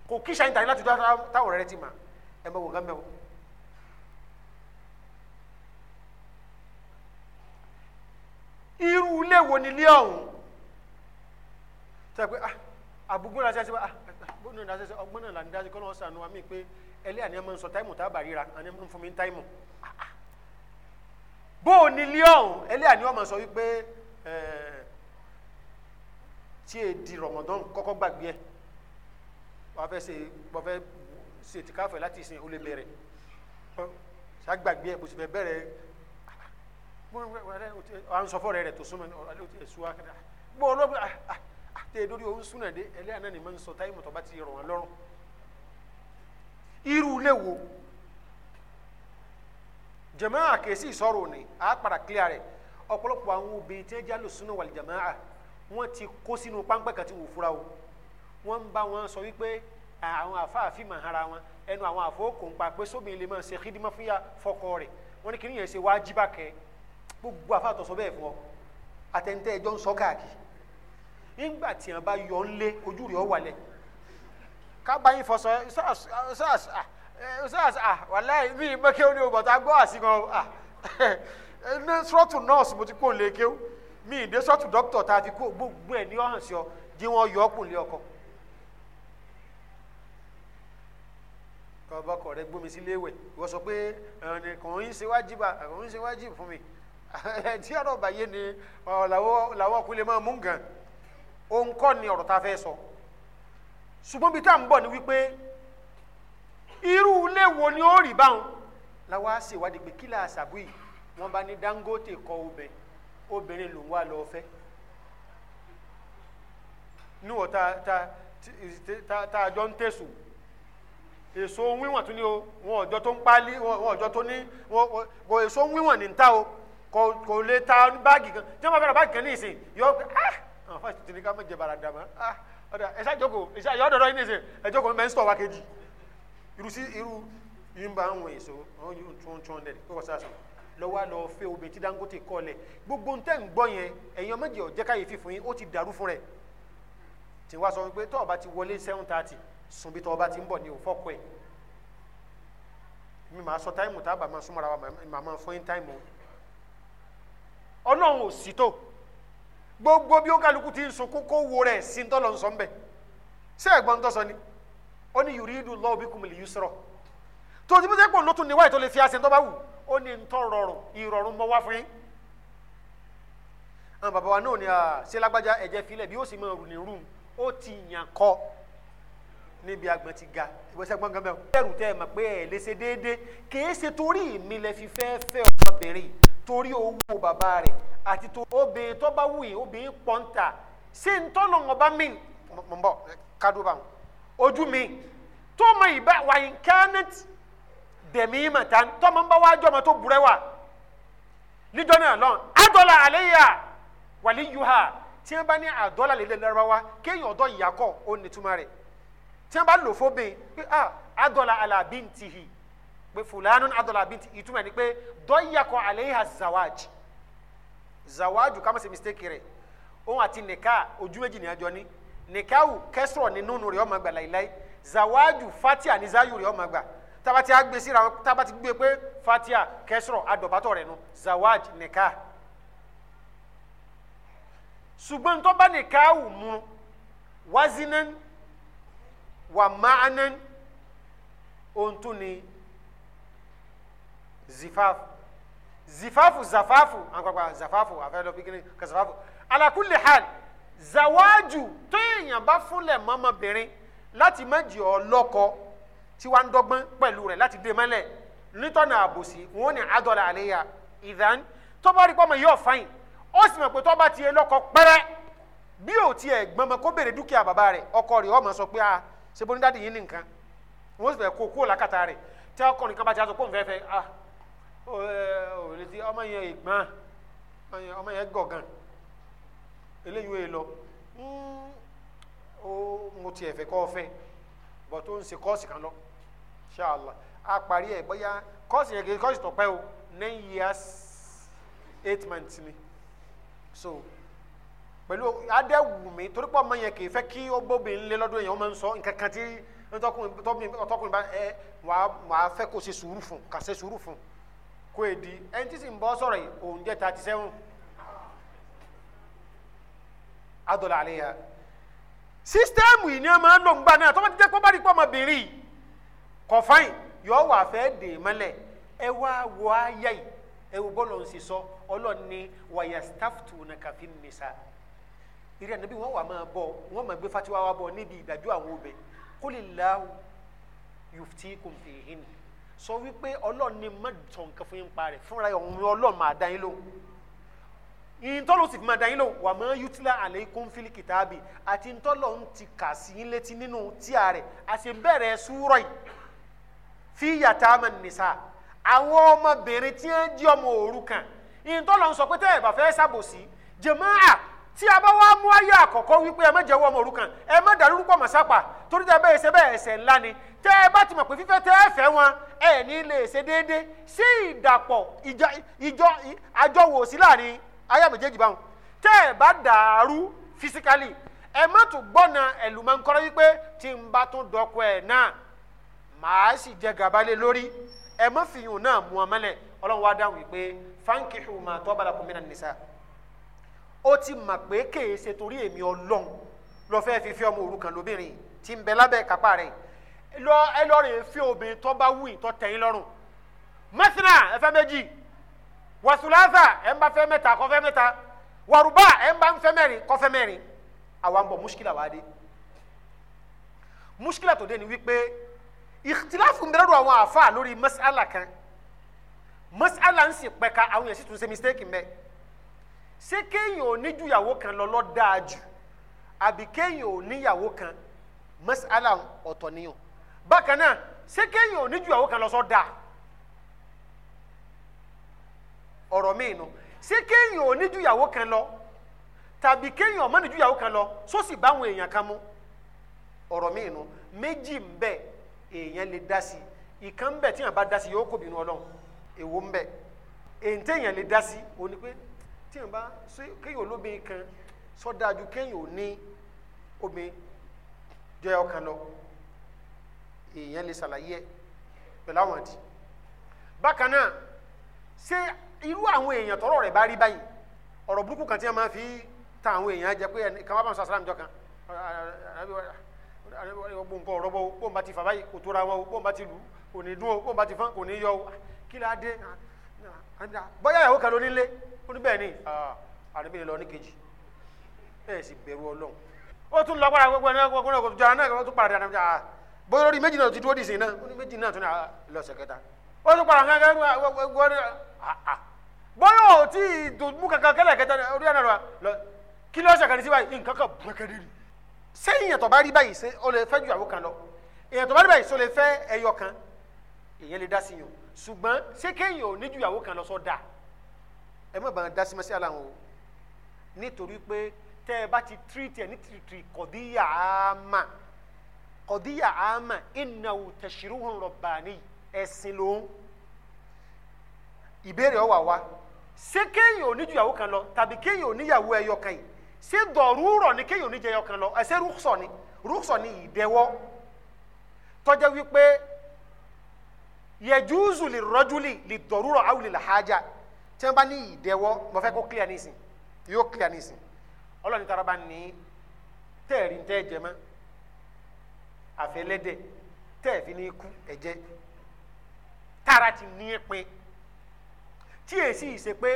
kò kíṣà yìí ta láti dúró táwọn rẹ̀ ti mà ẹ mọ̀ wò gán mẹ́wọ́. irú ilé wo ni ilé ọ̀hún sọ pé ah àbùgbọ́n náà ṣe ah bọ́ọ̀nù náà ṣe ọgbọ́n náà là ń dá sí kọ́lọ́wọ́ sànù àmì pé ẹlẹ́yà ni ẹ máa ń sọ táìmù tá a bà ríra àní ń fún mi táìmù bóò ní líọ̀n ẹlẹ́yà ni wọ́n máa sọ wípé tí e di rọmọdán kọ́kọ́ gbàgbé ẹ wọ́n fẹ́ ṣe wọ́n fẹ́ ṣe tìkáfẹ́ láti ìsìn olè bẹ̀rẹ̀ ṣàgbàgbé ẹ bó ti fẹ́ bẹ̀rẹ̀ à ń sọ fọ́ rẹ̀ rẹ̀ tó súnmọ́ ní ọ̀rọ̀ alẹ́ òtí ẹ̀ tẹ lórí ohun súnà dé ẹlẹ́yà náà ni mo ń sọ táyé mọ̀tọ́ bá ti rọ̀ wọ́n lọ́rùn irú ilé wo jamaa kèsì ìsọ̀rọ̀ ni a para clear rẹ̀ ọ̀pọ̀lọpọ̀ àwọn obìnrin tí wọ́n já lò súnà wàlì jamaa wọ́n ti kó sínú páńpẹ́ kan wò fura o wọ́n ń bá wọn sọ wípé àwọn àfáàfin mà hara wọn ẹnu àwọn àfọwọ́kò ń pa pé sómi lè máa ṣe xidima fún ya fọkọ rẹ̀ wọ́n ní kí nìyẹn ṣe wájibá kẹ́ gbogbo àfáàtọ̀ sọ bẹ́ẹ̀ fún ọ àtẹ̀ntẹ̀ ẹjọ́ ń sọ káàkiri nígbà tí wọn bá yọ ń lé ojú rẹ̀ ọ wàlẹ̀ kábàá yín fọṣọ ṣáàṣ ṣáàṣ wàláì mí mẹ́kẹ́ ó ní o bọ̀tà gbọ́ àṣìkan ah, ní sọ́ọ̀tù nọ́ọ̀sì mo ti kó lè kéw mí ìdè sọ́ọ̀tù dókítà tá a ti kó gbogbo ẹ̀ ní ọ̀hún sí ọ di wọn yọ ọkùnrin ọkọ. ọba ọkọ rẹ gbómi sílé wẹ ìwọ sọ pé ẹni kò ń ṣe wájibà kò ń ṣe wájib fún mi tí ọ̀rọ̀ bàyẹ ni làwọn ọkùnrin máa mú gan-an òun kọ́ ni ọ̀rọ̀ ta fẹ́ sọ ṣùgbọ́n bí tá à ń bọ̀ ni wípé irú ilé wo ni ó rí báwọn làwọn á ṣèwádìí pé kí là á ṣàbù yìí wọ́n bá ní Dangote kọ obìnrin obìnrin lòún wà lọ́ọ́ fẹ́ níwọ̀ tá tá tá àjọ ń tẹ̀sù èso wíwọ̀n tún ní o wọn ọjọ́ tó ń pálí wọn ọjọ́ tó ní wọn èso wíwọ̀n ní ta o kò lè ta báàgì kan tí wọ́n bá fẹ́ràn báàgì kan ní ìsìn yọ ah fásitì tuntun ni ká mọ̀ jẹ bara dama ah ọ̀dà ẹ ṣá jókòó ẹ ṣá yọ̀ọ́ dọ̀dọ̀ yín nìṣe ẹ jókòó mẹ́ ń sọ̀ wá kejì irú sí irú yín bá ń wọ̀ èso ọ̀hún yóò tún tún ọ̀dẹ̀ kókò sáà sùn lọ́wọ́ lọ fẹ́ obìnrin tí Dangote kọ́ lẹ̀ gbogbo ntẹ́ ń gbọ́ yẹn ẹ̀yin ọmọ jẹ́ ọ̀jẹ́ káyé fífún yín ó ti dàrú fún rẹ̀ tí wàá sọ pé tọ́ọ̀ba ti wọlé seven thirty sùn bí tọ́ọ̀ba ti ń bọ̀ ní òfọ́kọ́ ẹ̀ mi máa sọ táìmù táàbà máa súnmọ́ra wa màá máa fún yín táìmù ọlọ́run ò gbogbo bí ó kálukú ti ń sọ kókó wo rẹ̀ sí ntọ́lọ̀ nsọ mbẹ́ ṣé ẹ̀gbọ́n tó sọ ni ó ní yuridu Allahu bikumul yusra tó ti bó jẹ́ pọ̀ lótú níwáyé tó lè fi àṣẹ tó bá wù ó ní ntọ́ rọrùn ìrọ̀rùn mọ́ wá fún yín àwọn bàbá wa náà ni ṣé lágbájá ẹ̀jẹ̀ filẹ̀ bí ó sì máa rù ní rúùn ó ti yàn kọ́ níbi agbọn ti ga ìwọsẹ gbọngàn bẹ. ẹrù tẹ ẹ mọ̀ pé ẹ lè ṣe déédéé kìí ṣe torí mi lẹ fi fẹ́ fẹ́ ọmọbìnrin torí owó bàbá rẹ̀ àti tó obìnrin tó bá wù yín obìnrin pọ́ńtà ṣé ń tọ́nà wọn bá mi mọ̀ ń bọ̀ kádó bá wọn ojú mi tó ọmọ yìí bá wà yín kánẹ́t dẹ̀mí mà tán tọ́mọ ń bá wájú ọmọ tó burẹ́ wà níjọ́ náà lọ́n àdọ́là àlẹ́ wàlíyù ha tí wọ́n bá ní àdọ́là lè wá kéèyàn ọ̀dọ́ ìyàkọ̀ ó nìtumọ̀ rẹ̀ tí wọ́n bá lò fóbe pé ah adọ́là alábí ń tihì pé fulanu adọ́là bí ń tihì ìtumọ̀ ni pé dọ́yàkọ̀ àléhà zawaj zawaju kama se mistake rẹ̀ òun àti nìka ojú méjì ní àjọ ní nìkawu kẹsọ̀rọ̀ ní nínú rẹ̀ ọmọ àgbà láìláì zawaju fatia ní zayu rẹ̀ ọmọ àgbà tabati agbe síra tabati gbé pé fatia kẹsọ̀rọ̀ adọ̀bátọ̀ rẹ̀ nu zawaj nìka ṣùgbọ́n tó bá nìkawu mu wazinan wà ma'anan ohun ni zifafu zifafu zafafu àgbàgbà zafafu àfẹ́lọ́ pikiri ka zafafu ala kulli hal zawaju téèyàn bá fúnlẹ̀ mama láti méjì ọlọ́kọ tí wàá ń dọ́gbọ́n pẹ̀lú rẹ̀ láti dé mọ́lẹ̀ nítọ́nà àbòsí wọn ni adọ́la àléyà ìdán tọ́ba rí pọ́mọ yóò fain ó sì mọ̀ pé ba ti yẹ lọ́kọ pẹ́rẹ́ bí ò tiẹ̀ gbọ́mọ kó béèrè dúkìá bàbá rẹ̀ ọkọ rẹ̀ ọmọ sọ pé a. Ah, ṣe bó ní dáàdi yín ní nǹkan wọ́n sì fẹ́ kó kó làkàtà rẹ̀ tí ọkùnrin kan bá ti aṣọ kó nfẹ́fẹ́ ah ò lè ti ọmọ yẹn ìgbọ́n ọmọ yẹn gọ̀gàn eléyìí wòye lọ hmm, mo tiẹ̀ fẹ́ kọ́ fẹ́ bọ̀ tó ń ṣe kọ́ọ̀sì kan lọ ṣáàlà a parí ẹ̀ bóyá kọ́ọ̀sì yẹn kì í kọ́ọ̀sì tọ́pẹ́ o nine years eight months ni so pẹ̀lú adẹ́wùmí torí pọ̀ ọmọ yẹn kì í fẹ́ kí ó gbóbi ńlẹ̀ lọ́dún yẹn wọ́n máa ń sọ nǹkan kan tí ọtọkùnrin bá ẹ wàá fẹ́ kó ṣe sùúrù fún kà ṣe sùúrù fún kó e di ẹni tí sì ń bọ́ sọ̀rọ̀ yìí òun jẹ́ thirty seven adọ̀là àlẹ́yà sísítẹ́ẹ̀mù yìí ni a máa ń lò ń gbà náà tọ́mọ́tí jẹ́ pé bá rí pọ́ ọmọbìnrin yìí kọ̀ fáyìn yọ̀ọ́ wà fẹ́ dè mọ́lẹ̀ ẹ wá wọ ayé yìí ẹ wò bọ́ọ̀lù ọ̀hún sì sọ ọlọ́ọ̀ni wàyà staff tù nàkàfin nìsa ìrìn ànábì wọn wà máa bọ wọn máa gbé fatiwa wa bọ níbi ìdájọ́ àwọn obẹ kólíláwù yufti kùnfìhìn sọ wípé ọlọ́run ni má sọ nǹkan fún yín pa rẹ̀ fúnra ọ̀hún ọlọ́run máa dá yín lóhùn ìtọ́lọ́ sì fi máa dá yín lóhùn wà máa yutila aleikum fili kìtàbì àti ìtọ́lọ́ ń ti kà sí yín létí nínú tíà rẹ̀ àti bẹ̀rẹ̀ súrọ̀ yìí fi yàtá mà nìsa àwọn ọmọbìnrin tí wọ́n jí ọmọ òrukàn ìtọ́lọ́ ń tí a bá wá mú ayé àkọ́kọ́ wípé ẹ má jẹ́ wọ́n ọmọ òrukàn ẹ má dàrú rúpọ̀ mọ́ sápà torí tẹ bẹ́ẹ̀ ṣe bẹ́ẹ̀ ẹ̀ṣẹ̀ ńlá ni tẹ ẹ bá ti mọ̀ pé fífẹ́ tẹ ẹ fẹ́ wọn ẹ ní lè ṣe déédéé sí ìdàpọ̀ ìjọ àjọwò sí láàrin ayé àbẹ̀jẹ̀jì báwọn tẹ ẹ bá dàrú fisikali ẹ má tún gbọ́nà ẹ̀lú máa ń kọ́ra wípé tí n bá tún dọ́kọ̀ ẹ̀ náà màá sì jẹ gàbálẹ̀ lórí ẹ má fìyàn náà mú ọmọlẹ̀ ọlọ́run wá dáhùn wípé fáńkì hùwà tó bá lakùnmí ó ti mà pé kèé ṣe torí èmi ọlọ́run lọ fẹ́ fi fi ọmọ òrukàn lóbìnrin tí ń bẹ lábẹ́ kápá rẹ̀ lọ ẹ lọ rè fi obìnrin tó bá wù yín tó tẹ̀yìn lọ́rùn mẹ́sìnà ẹ fẹ́ méjì wàsùlásà ẹ ń bá fẹ́ mẹ́ta kó fẹ́ mẹ́ta wàrúbà ẹ ń bá ń fẹ́ mẹ́rin kó fẹ́ mẹ́rin àwa ń bọ̀ múṣkìlà wá dé múṣkìlà tó dé ni wípé ìtìláfù ń bẹ̀rẹ̀ àwọn àfa lórí mẹ́sàlà kan mẹ́sàlà ń sì pẹ́ka àwọn yẹn sì tún ṣe mistake mẹ́ẹ́ ṣé kéèyàn ò ní jùyàwó kan lọ lọ dáa jù àbí kéèyàn ò níyàwó kan mọ́sálà ọ̀tọ̀ nìyàn bákan náà ṣé kéèyàn ò ní jùyàwó kan lọ sọ dáa ọ̀rọ̀ míì nù ṣé kéèyàn ò ní jùyàwó kan lọ tàbí kéèyàn ọ̀mọ́ni jùyàwó kan lọ sósì báwọn èèyàn kan mú ọ̀rọ̀ míì nù méjì ń bẹ èèyàn lè dá sí ìkan ń bẹ tí èèyàn bá dá sí yóò kó bínú ọlọ́run èwo ń bẹ èyí téèyàn lè dá sí òní pé tí n bá kéèyàn olóbìn kan sọdájú kéèyàn ò ní obìn jọ ọkàn lọ èèyàn lè ṣàlàyé ẹ pẹ̀lú àwọn àti bákan náà ṣé irú àwọn èèyàn tọrọ rẹ bá rí báyìí ọ̀rọ̀ burúkú kan tí wọn máa fi ta àwọn èèyàn jẹ pé ẹnì kan wá bá wọn sọ àṣàlámù jọ kan gbogbo ọ̀rọ̀ bọ̀ bó ń bá ti fà báyìí kò tóra wọn o bó ń bá ti lù kò ní dún o bó ń bá ti fọ́n kò ní yọ o kí ló á dé bóyá ìyàwó kan ló nílé ó ní bẹ́ẹ̀ ni àdébìnrin lọ ní kejì bẹ́ẹ̀ sì bẹ̀rù ọlọ́run ó tún lọ padà gbogbo ẹni ọgbọ́n náà kò jọ àná ó tún padà dáná dáná bóyá lórí méjì náà ti dúró dìsìn náà ó ní méjì náà tún náà lọ́sẹ̀ kẹta ó tún padà gángan gbogbo ẹni bóyá ò tí ì mú kankan kẹlẹ̀ kẹta orí ẹ̀ náà lọ kí lọ́sẹ̀ kan ní sí báyìí nǹkan kan bùrẹ́kẹ́dẹ́ rí sẹ́yìn ẹ̀tọ́ bá rí báyìí ó lè fẹ́ ju àwọn kan lọ èèyàn tó bá rí báyìí sọ lè fẹ́ ẹyọ kan èèyàn lè dá sí ṣùgbọ́n ṣé kéèyàn ò ní ju ìyàwó kan lọ sọ dáa ẹ má bàa dá símẹ́sí aláwọn o nítorí pé tẹ́ ẹ bá ti tírìtì ẹ ní tírìtì kọ̀díyà àmà kọ̀díyà àmà ìnáwó tẹ̀síríhùn rọ̀bàní ẹ̀sìn lòun ìbéèrè ọ̀wà wa ṣé kéèyàn ò ní kan lọ tàbí kéèyàn ò níyàwó ẹyọ kan yìí ṣé dọ̀rúrọ̀ ni kéèyàn ò ní kan lọ ẹ̀ṣẹ́ rúkṣọ̀ ni rúkṣọ̀ ni ìdẹ́wọ́ tọ́jẹ́ wípé yẹjúùsù lè rọjúlì lè dọrúrọ àwọn olè làhájà tí wọn bá ní ìdẹwọ mo fẹ́ kó clear nísìn yóò clear nísìn ọlọrin tara bá ní tẹẹrí ń tẹ ẹjẹ mọ àfẹlẹdẹ tẹẹfin ní ikú ẹjẹ tara ti ní pin tí èsì ìṣe pé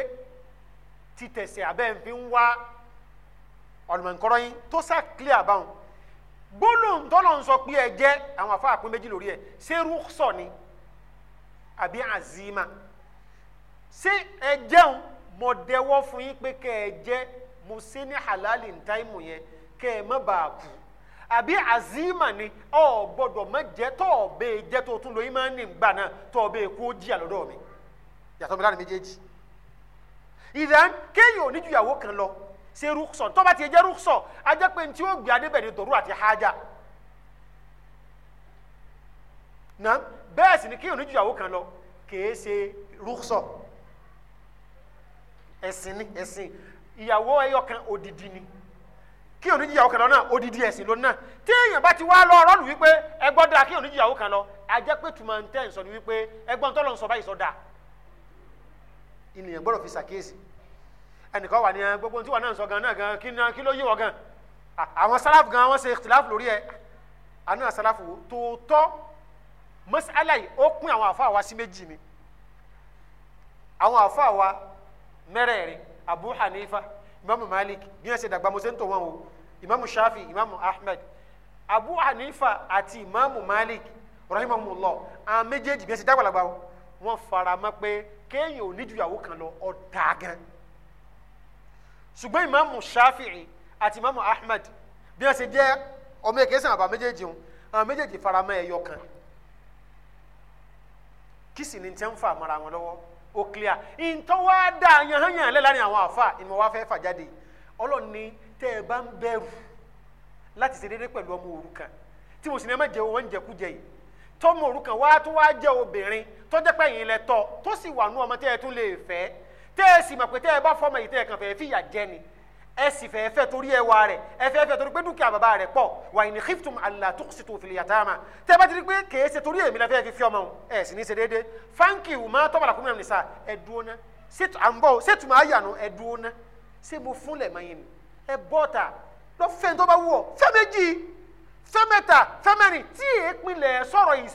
títẹ̀sẹ̀ abẹ́ ń fi ń wá ọ̀nàmọ̀nkọ́rọ́ yín tó sá clear báwọn gbólóhùn tọ́lọ̀ ń sọ pé ẹ jẹ́ àwọn afọ àpín méjì lórí ẹ̀ ṣé rúkṣọ̀ ni àbí azima ṣé ẹ jẹun mo dẹwọ́ fún yín pé kẹ́ ẹ jẹ́ mo ṣe ní halali ntaimu yẹn kẹ́ ẹ má bàa kú àbí azima ni ọ gbọ́dọ̀ má jẹ tó o bẹ jẹ tó o tún lo imáni gbà náà tó o bẹ kó jìyà lọ́dọ̀ mi yàtọ̀ mi láti méjèèjì ìdán kéèyàn ò ìyàwó kan lọ ṣe rúkṣọ tó ti jẹ rúkṣọ ajẹ pé tí ó gbé adébẹ̀ ni dòrú àti hájà náà bẹ́ẹ̀ sì ni kí òní jùyàwó kan lọ kèé ṣe rúksọ ẹ̀sìn ni ẹ̀sìn ìyàwó ẹyọ kan odidi ni kí òní jùyàwó kan lọ náà odidi ẹ̀sìn ló náà tí èèyàn bá ti wá lọ ọlọ́run wípé ẹgbọ́n dáa kí òní jùyàwó kan lọ ajẹ́ pé tùmọ̀ ń tẹ́ ń sọ ni wípé ẹgbọ́n tọ́lọ̀ ń sọ báyìí sọ dáa ènìyàn gbọ́dọ̀ fi ṣàkíyèsí ẹnìkan wà ní gbogbo tí wọn náà sọ gan náà gan kí ló yé masala yìí ó pín àwọn àfa wa sí méjì ni àwọn àfa wa mẹ́rẹ̀ẹ̀rin abu hanifa imamu malik bí wọ́n ṣe dàgbà mo ṣe ń tọ̀ wọn o imamu shafi imamu ahmed abu hanifa àti imamu malik rahimahumullah àwọn méjèèjì bí wọ́n ṣe dàgbàlagbà o wọ́n fara mọ́ pé kéèyàn ò ní ju ìyàwó kan lọ ọ̀dà gan ṣùgbọ́n imamu shafi àti imamu ahmed bí wọ́n ṣe jẹ́ ọmọ èkéṣàn àbá méjèèjì o àwọn méjèèjì fara mọ́ ẹyọ kan kìsì ní tẹ́ ń fa àmọ́ra wọn lọ́wọ́ ó clear ìtọ́ wá dà yànhányàn lẹ́ láàrin àwọn àfa ìmọ̀ wá fẹ́ fà jáde ọlọ́run ní tẹ́ ẹ bá ń bẹ̀rù láti ṣe déédéé pẹ̀lú ọmọ òrukàn tí mo sì ní ẹ má jẹ owó oúnjẹ kújẹ yìí tọ́mọ òrukàn wá tó wá jẹ́ obìnrin tó jẹ́ pé yìí lẹ tọ́ tó sì wà nú ọmọ tẹ́ ẹ tún lè fẹ́ tẹ́ ẹ sì mọ̀ pé tẹ́ ẹ bá fọmọ yìí tẹ́ ẹ kàn fẹ́ fìyà jẹ ni ẹ sì fẹ́ fẹ́ torí ẹwà rẹ̀ ẹ fẹ́ fẹ́ torí pé dúkìá bàbá rẹ̀ pọ̀ wà ní khiftum alla tuqsitu fil yatama tẹ́ bá ti di pé kèé ṣe torí èmi la fẹ́ fi fi ọmọ ẹ sì ní ṣe déédé fáńkì wùmá tọ́ba làkúnmí ẹ̀mí sá ẹ dúró ná ṣètò à ń bọ̀ ṣètò máa yànnú ẹ dúró ná ṣé mo fúnlẹ̀ máa yẹn ni ẹ bọ́ta lọ fẹ́ tó bá wù fẹ́ méjì fẹ́ mẹ́ta fẹ́ mẹ́rin tí èépinlẹ̀ sọ̀rọ̀ yìí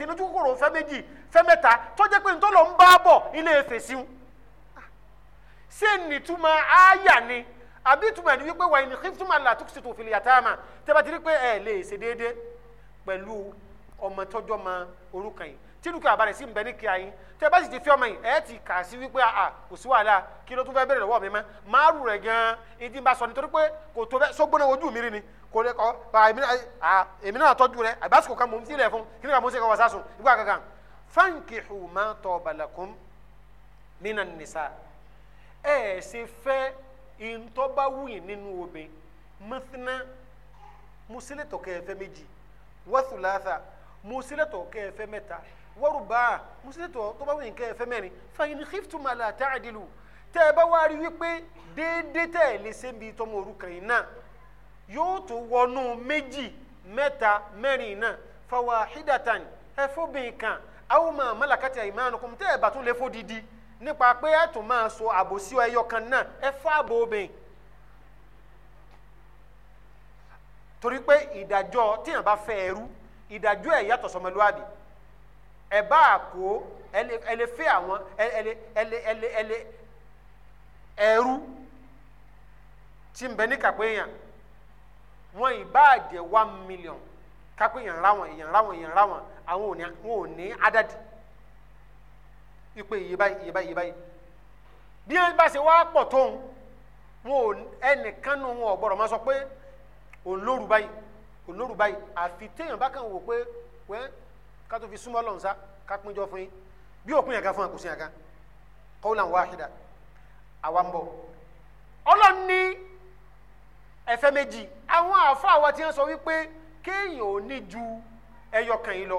àbí ìtumọ̀ ẹni wípé wàyí ni kíntùmọ̀ àlà tó sì tó fi yàtá mà tẹ́bà ti rí pé ẹ lè ṣe déédéé pẹ̀lú ọmọ tọ́jọ́ ma orúkọ yìí tínú kí àbálẹ̀ sí nbẹ ní kíá yín tẹ́bà sì ti fi ọmọ yìí ẹ ti kà sí wípé àà kò sí wàhálà kí ló tún fẹ́ bẹ̀rẹ̀ lọ́wọ́ mi mọ́ márùn rẹ̀ gan ìdí bá sọ nítorí pé kò tó bẹ́ sógbóná ojú mi rí ni kò lè kọ́ èmi náà tọ́jú rẹ̀ àbásùkò kan mò ń sílẹ̀ fún kí ni ká mò ń ṣe kọ́ wasásùn nígbà kankan fankihu ma tọ́ balakum minan nisa ẹ̀ ṣe fẹ́ ntɔba wuyin nínú obe mẹsìnà musiletɔ kẹfẹ méjì wasulasa musiletɔ kẹfẹ mẹ́ta waruba musiletɔ tɔba wuyin kẹfẹ mẹ́rin fayin hiftuma la taadilu tẹ ẹ bá wá rí wípé déédéé tẹ ẹ lè ṣe bí tọmọ òru kẹyìn náà yóò tó wọnú méjì mẹ́ta mẹ́rin náà fawahidatan ẹfọbìn kan awo ma malakati ayimanu kọmi tẹ ẹ bàtún lè fọ didi nípa pé ẹ tún máa so àbòsí ẹyọ kan náà ẹ fá àbò obìnrin torí pé ìdájọ́ tíyàn bá fẹ́ ẹrú ìdájọ́ ẹ̀ yàtọ̀ sọmọlúwàbí ẹ bá àkó ẹ lè fẹ́ àwọn ẹ lè ẹ lè ẹ ẹrú tí ń bẹ ní kàpéyàn wọn ìbáàjẹ one million kápéyàn ra wọn èèyàn ra wọn èèyàn ra wọn àwọn ò ní adadi ipe iye báyìí iye báyìí iye báyìí bí ẹ bá ṣe wá pọ̀ tóun wọn ò ẹnìkan nù wọn ò gbọ́dọ̀ máa sọ pé òun lóru báyìí òun lóru báyìí àfi téèyàn bá kàn wò pé wẹ́n ká tó fi súnmọ́ lọ́hùn sá ká péjọ fún yín bí òpin yàn fún àkùsí yàn kan qawlan wahida àwa ń bọ̀ ọlọ́run ní ẹ̀fẹ́ méjì àwọn àáfàá wa ti ń sọ wípé kéèyàn ò ní ju ẹyọ kan yìí lọ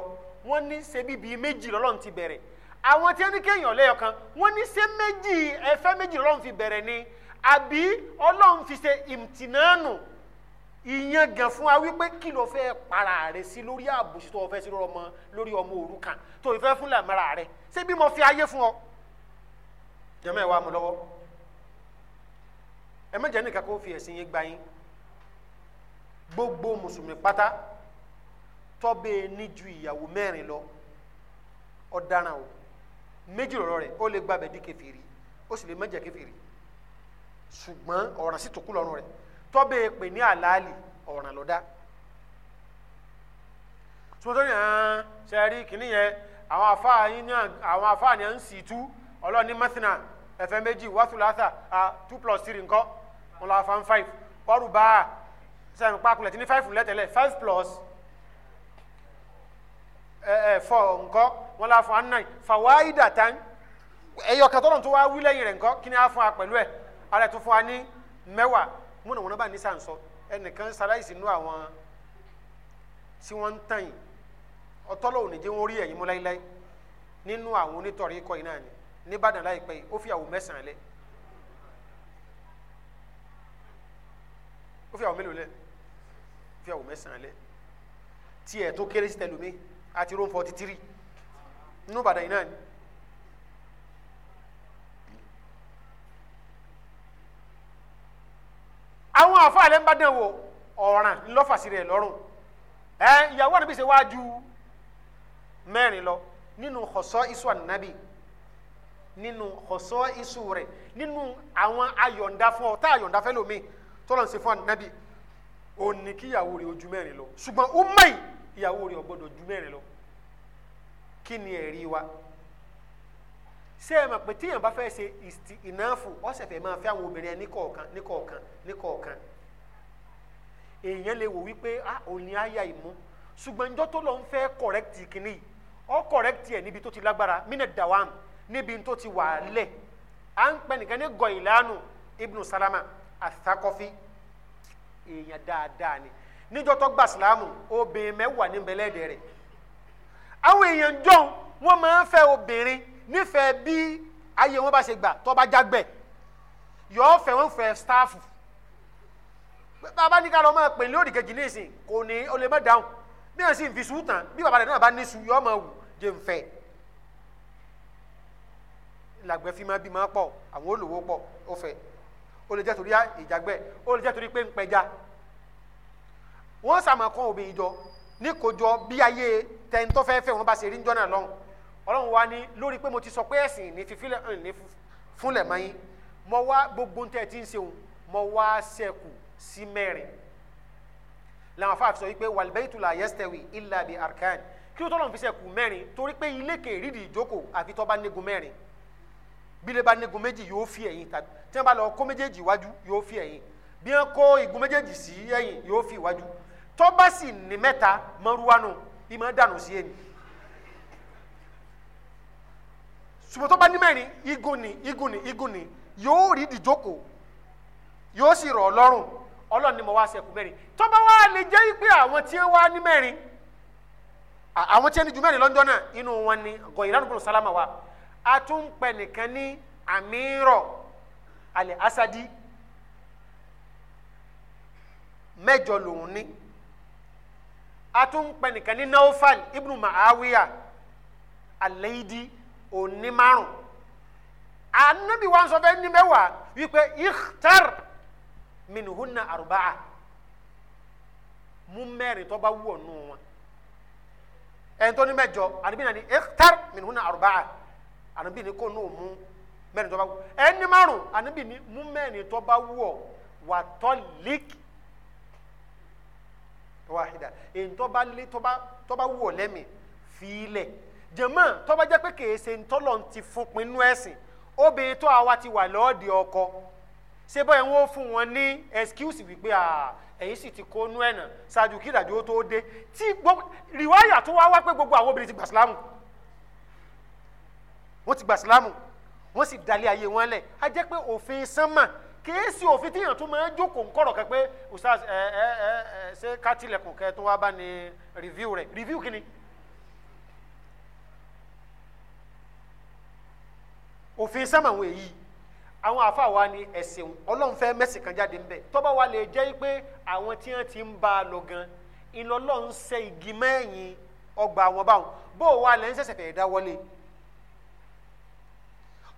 wọ́n ní ṣebí bíi méjì lọ́lọ́run ti bẹ̀rẹ̀ àwọn tí wọ́n ní kéèyàn lẹ́yọ̀ kan wọ́n ní ṣé méjì ẹ̀fẹ́ méjì ọlọ́run fi bẹ̀rẹ̀ ni àbí ọlọ́run fi ṣe ìmùtìnánù ìyẹn gan fún wa wípé kí ló fẹ́ para rẹ sí lórí àbòsí tó o fẹ́ sí lórí ọmọ lórí ọmọ òrukàn tó o fẹ́ fún làmọ́ra rẹ ṣé bí mo fi ayé fún ọ jẹ́mọ̀ ẹ̀ wá mu lọ́wọ́ ẹ mẹ́jẹ̀ nìkan kó fi ẹ̀sìn yín gba yín gbogbo mùsùlùmí pátá tọ́bẹ̀ẹ́ ní ìyàwó mẹ́rin lọ ọ̀daràn o méjì lọ́rọ̀ rẹ̀ ó lè gbàbẹ̀ di kẹfìrí ó sì lè má jẹ́ kẹfìrí ṣùgbọ́n ọ̀ràn sì tó kú lọ́rùn rẹ̀ tọ́bẹ̀ pè ní àlàálì ọ̀ràn lọ́dá sọtọ́ ni hàn ṣe rí kìnní yẹn àwọn afáà yín ní àwọn afáà ni à ń sì tú ọlọ́ọ̀ni mẹ́tìnà ẹ̀fẹ́ méjì wàtúlàtà two plus three nǹkan wọn lọ́ọ́ fa five ọrùbá sẹ́yìn pákulẹ̀ tí ní five lẹ́tẹ̀lẹ̀ five plus ẹ fọ nkọ wọn la fọ anan fàwáyídà tán ẹyọ katọlọ tó wá wí lẹ́yìn rẹ̀ nkọ kí ni a fọ a pẹ̀lú ẹ ara tó fọ a ní mẹ́wàá mo nà wọn bá nísà nsọ ẹnìkan sàlàyèsí nù àwọn tí wọn ń tàn yìí ọtọlọ òní jẹ wọn rí ẹ̀yìn mú láíláí nínú àwọn onítọ̀rí ikọ̀ yìí náà ni nìbàdàn láìpẹ́ yìí ó fi àwọn mẹ́sàn-án lẹ ó fi àwọn mélòó lẹ ó fi àwọn mẹ́sàn-án lẹ tó kéré sí tẹlómi àti room forty three nínú Ìbàdàn yìí náà ni. àwọn àfàlẹ́ ń bá dàn wò ọ̀ràn ńlọ́fàsí rẹ̀ lọ́rùn ẹ ìyàwó ànábì ṣe wá ju mẹ́rin lọ nínú xɔsɔ isu ànábì nínú xɔsɔ isu rẹ̀ nínú àwọn ayọ̀ǹda fún ọ tá ayọ̀ǹda fẹ́ lómi tọ́lọ̀ ń ṣe fún ànábì òní kíyàwó rẹ̀ ojú mẹ́rin lọ ṣùgbọ́n ó mẹ́yìn ìyàwó rẹ̀ ọ̀gbọ́dọ̀ ju mẹ́rin lọ kí ni ẹ̀rí wa ṣé ẹ mọ̀ pé téèyàn bá fẹ́ ṣe ìnáfù ọ̀sẹ̀ fẹ́ máa fẹ́ àwọn obìnrin ẹ ní kọ̀ọ̀kan ní kọ̀ọ̀kan ní èèyàn lè wò wípé a ò ní àyà ìmú ṣùgbọ́n njọ́ tó lọ ń fẹ́ kọ̀rẹ́kìtì kìíní ọ kọ̀rẹ́kìtì ẹ̀ níbi tó ti lágbára mínà dawam níbi tó ti wà lẹ̀ à ń pẹ́ nìkan ní gọ̀ ìlànà ibnu salama àtàkọ́fí èèyàn dáadáa ni níjọ́ tó gba sílámù obìnrin mẹ́wàá ní bẹ́lẹ́dẹ̀ rẹ̀ àwọn èèyàn jọ̀hún wọ́n máa ń fẹ́ obìnrin nífẹ̀ẹ́ bí ayé wọn bá ṣe gbà tó bá jágbẹ̀ yọ̀ọ́ fẹ́ wọn fẹ́ stáàfù bàbá ní ká lọ máa pè lórí kejì nísìn kò ní o lè má dáhùn bí wọn sì ń fi sùn tán bí bàbá rẹ̀ náà bá ní sùn yọ̀ọ́ máa wù jẹ́ ń fẹ́ làgbẹ́ fi máa bí máa pọ̀ àwọn olówó pọ̀ ó fẹ́ o lè jẹ́ torí ìjàgbẹ́ o lè jẹ́ torí pé ń pẹja wọ́n sàmàkàn obìnrin jọ ní kojọ bí ayé tẹ̀ntọ́ fẹ́ fẹ́ wọn bá ṣe rí ń jọ́nà lọ́hùn ọlọ́run wa ni lórí pé mo ti sọ pé ẹ̀sìn ní fífílẹ̀ hàn ní fúnlẹ̀ mọ́ yín mo wá gbogbo tẹ́ ẹ ti ń ṣeun mo wá ṣẹ́kù sí mẹ́rin làwọn afáàfi sọ wípé wàlbẹ́yìtù là yẹ́sítẹ́wì ilà bí arkan kí ló tọ́lọ̀ fi ṣẹ́kù mẹ́rin torí pé ilé kèrídìí ìjókòó àfi tọ́ bá négun mẹ́rin bílẹ̀ bá négun méjì yóò fi ẹ̀yìn tàbí tí wọ́n bá lọ kó méjèèjì iwájú yóò fi ẹ̀yìn bí wọ́n kó igun méjèèjì sí ẹ̀yìn yóò fi iwájú tọ́ba sì ní mẹ́ta mọ́rúwánu ìmọ̀ dànù sí ẹni ṣùgbọ́n tọ́ba ní mẹ́rin igun ni igun ni igun ni yóò rí ìdìjókòó yóò sì rọ̀ lọ́rùn ọlọ́run ni mo wá sẹ́kù mẹ́rin tọ́ba wa lè jẹ́ pé àwọn tí wá ní àwọn tí wọ́n ju mẹ́rin lọ́jọ́ náà inú wọn ni ọ̀gọ̀ ìlànà sálámà wa a tún ń pẹ nìkan ní àmírọ̀ alẹ́ asadi mẹ́jọ lòún ní atúnpẹ nìkan ní naufal ibnu ma'awiya alayidi òní márùn anabi wa sọ fẹ ní mẹwàá wípé ikhtar minhunna arba'a mú mẹ́rin tó bá wù ọ́ nù wọn ẹni tó ní mẹ́jọ anabi nani ikhtar minhunna arba'a anabi ni kò nù mú mẹ́rin tó bá anabi ni mú mẹ́rin tó bá wù wahida èyí tó bá lé tó bá wù ọ́ lẹ́mìí fi ilẹ̀ jẹ̀mọ́ tó bá jẹ́ pé kèése ntọ́lọ̀ ti fún pinnu ẹ̀sìn obìnrin tó àwa ti wà lọ́ọ̀dì ọkọ ṣé báyìí wọ́n fún wọn ní excuse wípé ẹ̀yìn sì ti kó nú ẹ̀nà ṣáájú kí ìdàjọ́ tó dé tí rìwáyà tó wá wá pé gbogbo àwọn obìnrin ti gbà sílámù wọ́n ti gbà sílámù wọ́n sì dalẹ̀ ayé wọn lẹ̀ á jẹ́ pé òfin sánmà kéésì òfin tíyàn tún máa ń jókòó ńkọ̀rọ̀ kan pé usas ẹ ẹ ẹ ẹ ṣé kátìlẹ̀kùn kẹ tó wá bá ní rìvíw rẹ̀ rìvíw kí ni. òfin sámàwọn èyí àwọn àfa wa ni ẹ̀sìn ọlọ́run fẹ́ mẹ́sìn kan jáde ńbẹ tọ́ba wa lè jẹ́ pé àwọn tí wọ́n ti ń bá a lọ gan ìlọlọ́run ṣe igi mẹ́yìn ọgbà àwọn báwọn bó wa lẹ́ ń ṣẹ̀ṣẹ̀ fẹ̀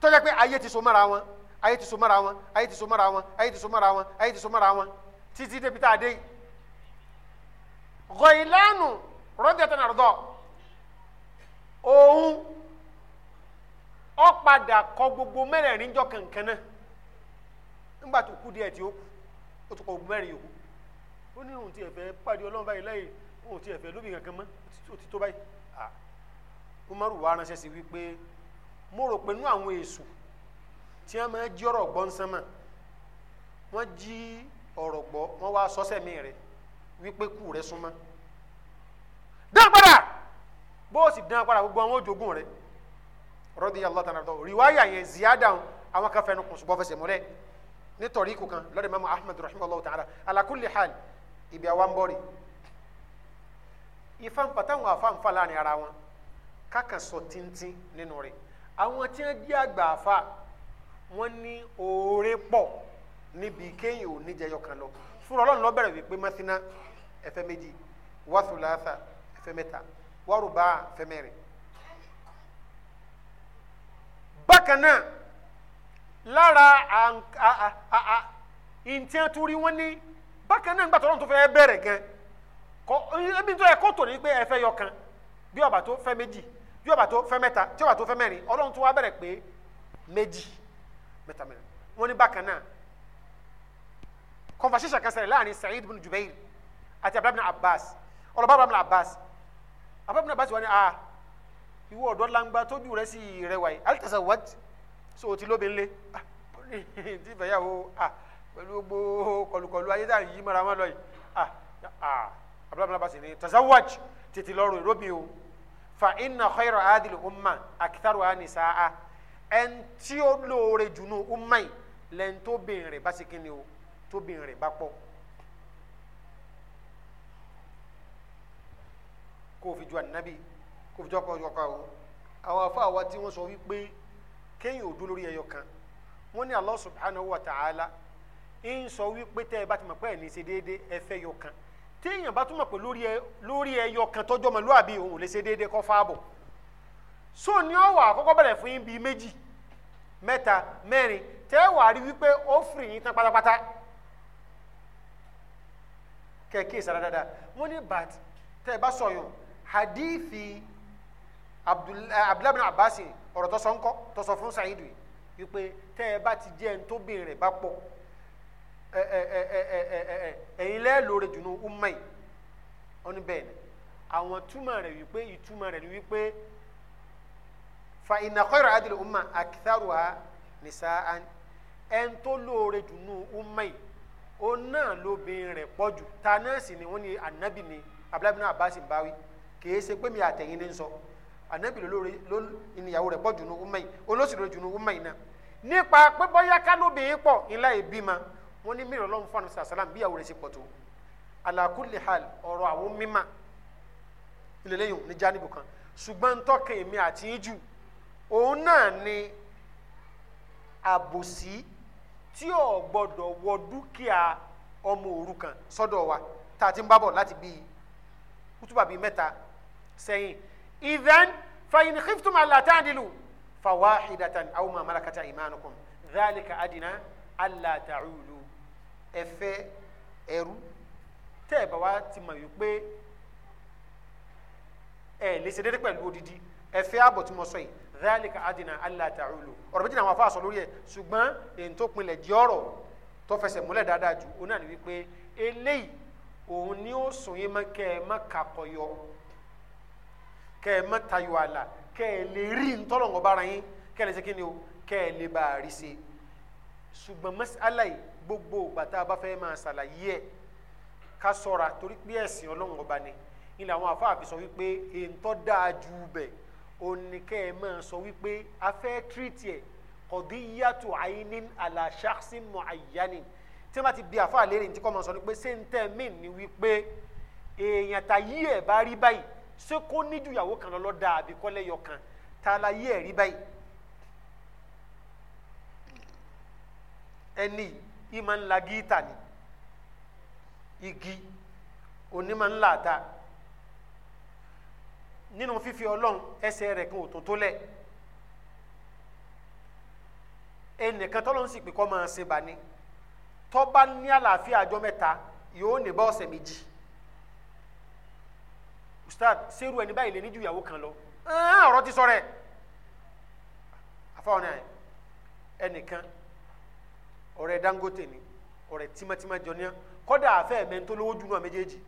tọ́jà pé ayé ti so mọ́ra wọn ayé ti so mọ́ra wọn ayé ti so mọ́ra wọn ayé ti so mọ́ra wọn ayé ti so mọ́ra wọn títí débi tá a dé yìí. Ghailanu rọ́dẹ̀tẹ̀ náà rọ́dọ̀ òun ó padà kọ gbogbo mẹ́rẹ̀ẹ̀rin jọ kankan náà nígbà tó kú díẹ̀ tí ó o tó kọ gbogbo mẹ́rin yòókù ó ní òun ti ẹ̀fẹ́ pàdé ọlọ́run báyìí lẹ́yìn òun ti ẹ̀fẹ́ lóbi kankan mọ́ ó ti tó báyìí. Umaru wa ránṣẹ́ sí wípé mo rò pé nú àwọn èṣù tí wọ́n máa jí ọ̀rọ̀ gbọ́ nsánmà wọ́n jí ọ̀rọ̀ gbọ́ wọ́n wá sọ́sẹ̀ mi rẹ̀ wípé kú rẹ̀ súnmọ́ dán padà bó o sì dán padà gbogbo àwọn òjògùn rẹ̀ radiyallahu ta'ala tó rìwáyà yẹn ziyada àwọn kan fẹnu kùn ṣùgbọ́n fẹsẹ̀ múlẹ̀ nítorí kù kan lọ́dọ̀ Imam Ahmad rahimahullahu ta'ala ala kulli ibi àwa ń bọ́rì ìfanfà táwọn afáǹfà láàrin ara wọn kákan sọ tíntín nínú rẹ̀ àwọn tí wọ́n jí àgbà àfáà wọ́n ní oore pọ̀ níbi kéèyàn ò ní jẹyọ kan lọ fúnra ọlọ́run lọ́ọ́ bẹ̀rẹ̀ wípé masina ẹ̀fẹ́ méjì wàsùlàṣà ẹ̀fẹ́ mẹ́ta wárùbá ẹ̀fẹ́ mẹ́rin. bákan náà lára ìntìyàn tó rí wọ́n ní bákan náà gbàtọ́ ọlọ́run tó fẹ́ bẹ̀rẹ̀ gan kọ ebi tó yẹ kó tò ní pé ẹ̀fẹ́ yọ kan bí ọba tó fẹ́ méjì bí ọba tó fẹ́ mẹ́ta tí ọba tó fẹ́ mẹ́rin ọlọ́run tó wá bẹ̀rẹ̀ pé méjì mẹtamẹlẹ wọn ní bákan náà conversation kan ṣẹlẹ̀ láàrin Sa'id bin Jubair àti abdulayi bin Abbas ọlọba abdulayi bin Abbas abdulayi bin Abbas wà ní a ah, ìwọ ọ̀dọ́ langba tójú rẹ sí rẹwà yìí alitasa wat so o ti lóbi nlé ah, ti fẹyàwó a ah, pẹ̀lú gbogbo kọlùkọlù ayé tá à ń yí mara wọn lọ yìí a a abdulayi bin Abbas ní tasawaj tètè lọrùn ìróbì o fa inna khayra adil umma akitaru anisaa ẹn tí ó lóore jùnú umayi lẹ́yìn tó bìnrin rẹ̀ bá ṣe kí ni o tó bìnrin rẹ̀ bá pọ̀ kó o fi ju ànábì kó o fi jọ ọkọ ọkọ o àwọn afọ àwa tí wọ́n sọ wípé kéèyàn ò dúró lórí ẹyọ kan wọ́n ní Allah subhanahu wa ta'ala ń sọ wípé tẹ́ ẹ bá ti mọ̀ pé ẹ̀ ní ṣe déédéé ẹ fẹ́ yọ kan téèyàn bá tún mọ̀ pé lórí ẹyọ kan tọ́jọ́ mọ̀ lóàbí òun ò lè ṣe déédéé kọ́ fáàbọ̀ so ní ọ wà àkọ́kọ́ bẹ̀rẹ̀ fún yín bíi méjì mẹ́ta mẹ́rin tẹ́ ẹ wà rí wípé ó fìrì yín tán pátápátá kẹ̀kẹ́ ìsara dáadáa wọ́n ní bàt tẹ́ ẹ bá sọ yòó hadithi eh, abdullahi bin abbas ọ̀rọ̀ tó sọ ńkọ́ tó sọ fún sayidu yìí wípé tẹ́ ẹ bá ti jẹ́ ẹni tó bìnrin rẹ̀ bá pọ̀ eh, eh, ẹ̀yin lẹ́ẹ̀ lóore jùlọ umma yìí wọ́n ní bẹ́ẹ̀ ni àwọn túmọ̀ rẹ̀ wípé ìtumọ̀ rẹ̀ ni wípé fa inna khayra adìrẹ umma aktharuha nisaan ẹn tó lóore dùnú umma yìí ó náà lóbìnrin rẹ̀ pọ̀jù ta náà sì ni wọ́n ní anabi ni abdullahi bin abbas ń báwí kìí ṣe pé mi àtẹ̀yìn ní sọ anabi ló ìníyàwó rẹ̀ pọ̀jù ní umma yìí olóṣèlú rẹ̀ jù ní umma yìí náà nípa pé bóyá kálóbìnrin pọ̀ ńlá ìbí ma wọ́n ní mìíràn lọ́nfọ́n àti sàlám bíyàwó rẹ̀ ṣe pọ̀ tó ala kulli hal ọ̀rọ̀ àwọn mímà ilé lẹ́yìn ní jánibù kan ṣùgbọ́n tọ́kàn èmi àti yín jù òun náà ni àbòsí tí ò gbọdọ̀ wọ dúkìá ọmọ òrukàn sọ́dọ̀ wa tá a ti ń bábọ̀ láti bíi kútùbà bíi mẹ́ta sẹ́yìn ìdán fàyìn khiftum alla ta'dilu fawahidatan aw ma malakata imanukum dhalika adina alla ta'ulu ẹ̀fẹ́ ẹ̀rú tẹ́ ẹ̀ bá wa ti mọ̀ yìí pé ẹ̀ lè ṣe déédéé pẹ̀lú odidi ẹ̀fẹ́ àbọ̀ tí mo sọ yìí dhalika adina alla ta'ulu ọ̀rọ̀ méjì náà wọ́n afáàsọ lórí ẹ̀ ṣùgbọ́n èyí tó pinlẹ̀ di ọ̀rọ̀ tó fẹsẹ̀ múlẹ̀ dáadáa jù ó náà ní wípé eléyìí òun ni ó sùn yín mọ́ kẹ́ ẹ má kakọyọ kẹ́ ẹ má tayọ àlà kẹ́ ẹ lè rí ntọ́lọ́ngọ́ bára yín kẹ́ ẹ lè ṣe kí ni o kẹ́ ẹ lè bá a rí ṣe ṣùgbọ́n mọ́sálà yìí gbogbo ìgbà tá a bá fẹ́ máa ṣàlàyé ẹ̀ ká sọ̀ra torí pé ẹ̀sìn ọlọ́ngọ́ bá ni ilẹ̀ àwọn àfáà fi sọ wípé èyí tó dáa ju bẹ́ẹ̀ oníkẹ́ ẹ̀ máa sọ wípé a fẹ́ tírìtì ẹ̀ kọ̀dí yàtọ̀ àyínín àlàṣàṣì mọ̀ àyánin tí wọ́n ti bí àfáà lérè ní tí kò máa sọ ni pé sèǹtẹ̀ mìn ni wípé èèyàn ta yí ẹ̀ bá rí báyìí ṣé kó níjú ìyàwó kan lọ́lọ́ da àbí kọ́lẹ́ yọ kan ta la yí ẹ̀ rí báyìí ẹni ìmọ̀ ńlá gíítà ni igi onímọ̀ ńlá ta nínú fífi ọlọ́run ẹsẹ̀ rẹ̀ kan ò tó tó lẹ̀ ẹnìkan tọ́lọ́run sì pé kọ́ máa ṣe bá ní tọ́ba ní àlàáfíà àjọ mẹ́ta yóò ní bá ọ̀sẹ̀ méjì ustad seru ẹni báyìí lè ní ju ìyàwó kan lọ ọ̀rọ̀ ti sọ rẹ̀ afáwọn náà ẹnìkan ọ̀rẹ́ Dangote ni ọ̀rẹ́ tímátímá jọ ní kọ́dà àfẹ́ mẹ́ńtó lówó jù náà méjèèjì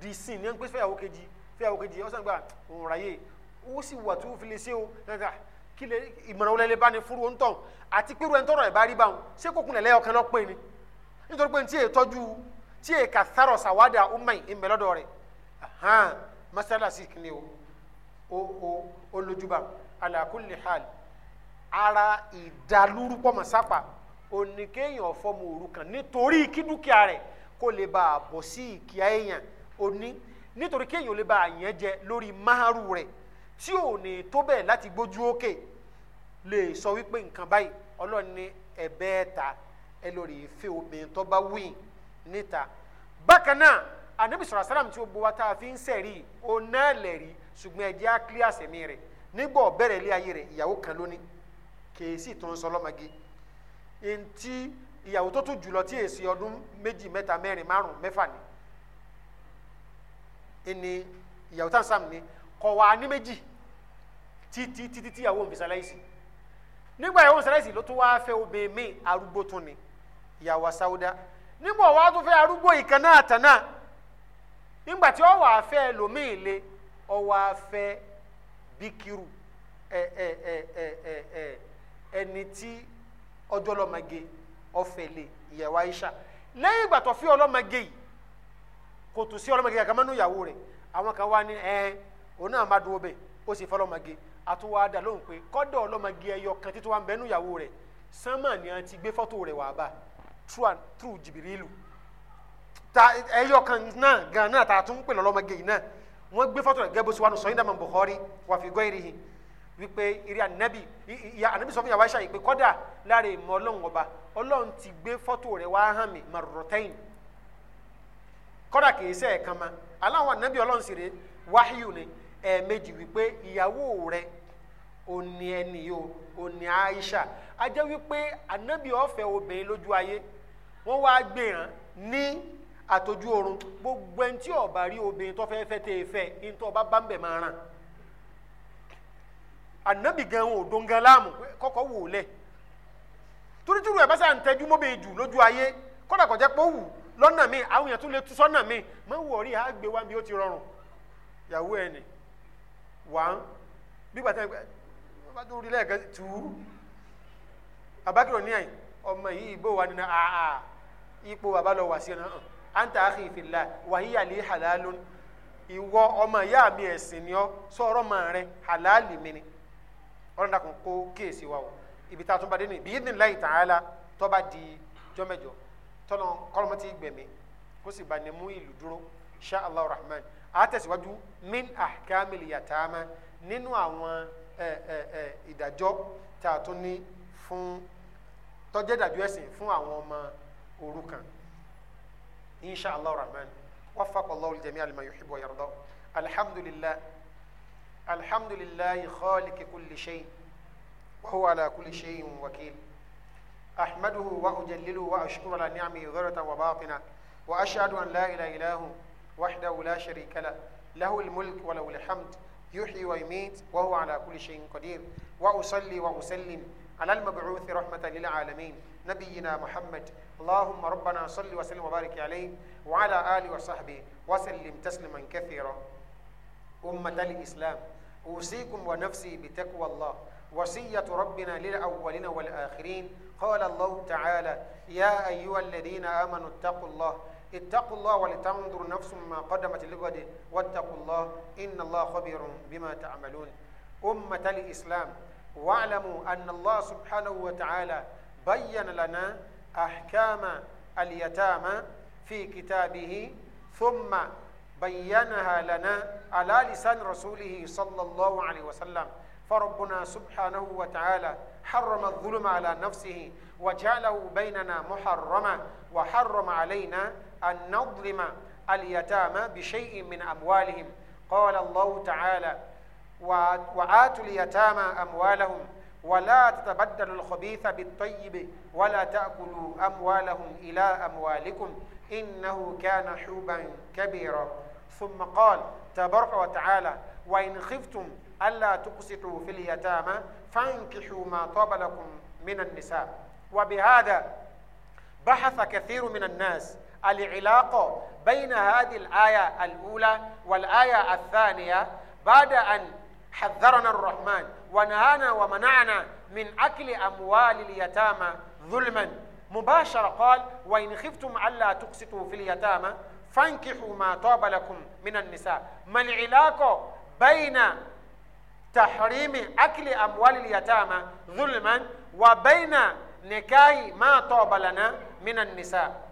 dc ní ẹ̀ ń pèsè fẹ́yàwó kejì fíyàwó kejì ọ̀sán gba òun ráyè ó sì wà tó fi lè ṣe o nàìjíríà kí lè ìmọ̀ràn wọlé lè bá ní fúru ó ń tàn àti pé ruwẹ́ntọ́rọ̀ ẹ̀ bá rí báwọn ṣé kò kunlẹ̀ lẹ́yọ̀ kan pé ni nítorí pé tí ètọ́jú tí èka sárọ̀ sàwádà ó mọ̀ ìmẹ̀lọ́dọ̀ rẹ̀ hàn mọ́sálásì ni o o o o lójúbà ala kulli hal ara ìdálúrúpọ̀ mọ̀sápà oníkéèyàn fọmọ òrukàn nítorí kí dúkìá rẹ̀ kó lè bá a bọ̀ sí ìkíá èèyàn oní nítorí kéèyàn lè ba àyàn jẹ lórí máàrú rẹ̀ tí ò ní tó bẹ́ẹ̀ láti gbójú òkè lè sọ wípé nǹkan báyìí ọlọ́run ní ẹ̀bẹ́ ta ẹ lórí ìfẹ́ obìnrin tó bá wí níta bákan náà anabi sọ̀rọ̀ sálàm tí o bu wa tá a fi ń sẹ̀rí o náà lẹ̀ rí ṣùgbọ́n ẹ̀jẹ̀ á kílí àsẹ̀mí rẹ̀ nígbà ọ̀bẹ̀rẹ̀ ilé ayé rẹ̀ ìyàwó kan lónìí kèésì tó ń sọ lọ́mọge ntí ìyàwó tó tún jùlọ tí èsì ọdún méjì mẹ́ta mẹ́rin márùn mẹ́fà ni Ene, yɛwotan sam ni kọwaa nima gyi titititi a wɔn bisala yi si nigba yɛ wɔn bisala yi si wa fɛ wo bɛn arugbo tun ni yawa sawuda nigba wa tun fɛ arugbo yi kana atana nigba ti ɔwa fɛ lomi le ɔwa fɛ bikiru ɛ ɛ ɛ ɛ ɛ ɛ ɛni ti ɔjɔlɔmage ɔfɛ le na wa yi sa lɛyin gbatɔfin ɔlɔmage yi. kò tún sí ọlọ́mọge kankan mẹ́nu ìyàwó rẹ̀ àwọn kan wá ní ẹ́ẹ́ òun náà má dúró bẹ́ẹ̀ ó sì fọlọ́mọge àtúwádà lóhùn pé kọ́dọ̀ ọlọ́mọge ẹyọ kan títí wá ń bẹ́nu ìyàwó rẹ̀ sánmà ni a ti gbé fọ́tò rẹ̀ wá bá true jìbìrìlù ta ẹyọ kan náà gan náà ta tún ń pè lọ́lọ́mọge yìí náà wọ́n gbé fọ́tò rẹ̀ gẹ́gẹ́ bó ṣe wà nù sọ́yìn dàmọ́ Bukhari wà fi gọ́ ìrìhìn wípé eré ànábì ìyá ànábì sọ fún yàrá ìṣàyè pé kọ́dà lára ìmọ̀ ọlọ́run ọba ọlọ́run ti gbé fọ́tò rẹ̀ wá hàn mí marrotain kọ́dà kì í ma aláwọn anabi ọlọ́run sì rè wáhíù ni ẹ̀ẹ̀mejì wípé ìyàwó rẹ òní ẹni o Aisha a jẹ́ wípé anabi ọ̀fẹ́ obìnrin lójú ayé wọ́n wá gbé hàn ní àtọ́jú oorun gbogbo ẹni tí ọba rí obìnrin tó fẹ́ fẹ́ ọba bá ń bẹ̀ máa ràn anabi gan kọ́kọ́ wò kọjá lọ́nà mi àwọn èèyàn tún lè tú sọ́nà mi má wọ̀rí á gbé wá bí ó ti rọrùn ìyàwó ẹ̀ nì wà á gbígbà tẹ́ wọ́n bá tó rí lẹ́ẹ̀kan tù ú abákìrò ní àyìn ọmọ yìí ìbò wa nínú àà ipò bàbá lọ wà sí ẹ̀ náà anta akhi fillah wa hiya li halalun ìwọ ọmọ ìyá mi ẹ̀sìn ni ọ sọ̀rọ̀ mọ́ rẹ halali mi ni ọ̀rọ̀ dàkún kó kíyèsí wa o ibi tá tún bá dé ní bí idhnillahi ta'ala tó bá di jọ́mẹ́jọ́ tọ́nà kọ́lọ́mọ́tì gbẹ̀mí kó sì bá ní mú ìlú dúró insha allah rahman àtẹ̀síwájú min ahkamil yatama nínú àwọn ìdájọ́ tá a tún ní fún tọ́jẹ́ ìdájọ́ ẹ̀sìn fún àwọn ọmọ òrukàn insha allah rahman وفق الله الجميع لما يحب ويرضى الحمد لله الحمد لله خالق كل شيء وهو على كل شيء وكيل أحمده وأجلله وأشكر على نعمه ظاهرة وباطنة وأشهد أن لا إله إلا هو وحده لا شريك له له الملك وله الحمد يحيي ويميت وهو على كل شيء قدير وأصلي وأسلم على المبعوث رحمة للعالمين نبينا محمد اللهم ربنا صل وسلم وبارك عليه وعلى آله وصحبه وسلم تسلما كثيرا أمة الإسلام أوصيكم ونفسي بتقوى الله وصية ربنا للأولين والآخرين قال الله تعالى يا أيها الذين آمنوا اتقوا الله اتقوا الله ولتنظر نفس ما قدمت لغد واتقوا الله إن الله خبير بما تعملون أمة الإسلام واعلموا أن الله سبحانه وتعالى بين لنا أحكام اليتامى في كتابه ثم بينها لنا على لسان رسوله صلى الله عليه وسلم فربنا سبحانه وتعالى حرم الظلم على نفسه وجعله بيننا محرما وحرم علينا أن نظلم اليتامى بشيء من أموالهم قال الله تعالى وآتوا اليتامى أموالهم ولا تتبدلوا الخبيث بالطيب ولا تأكلوا أموالهم إلى أموالكم إنه كان حوبا كبيرا ثم قال تبارك وتعالى وإن خفتم ألا تقسطوا في اليتامى فانكحوا ما طاب لكم من النساء وبهذا بحث كثير من الناس العلاقة بين هذه الآية الأولى والآية الثانية بعد أن حذرنا الرحمن ونهانا ومنعنا من أكل أموال اليتامى ظلما مباشرة قال وإن خفتم ألا تقسطوا في اليتامى فانكحوا ما طاب لكم من النساء ما العلاقة بين تحريم أكل أموال اليتامى ظلما وبين نكاي ما طاب لنا من النساء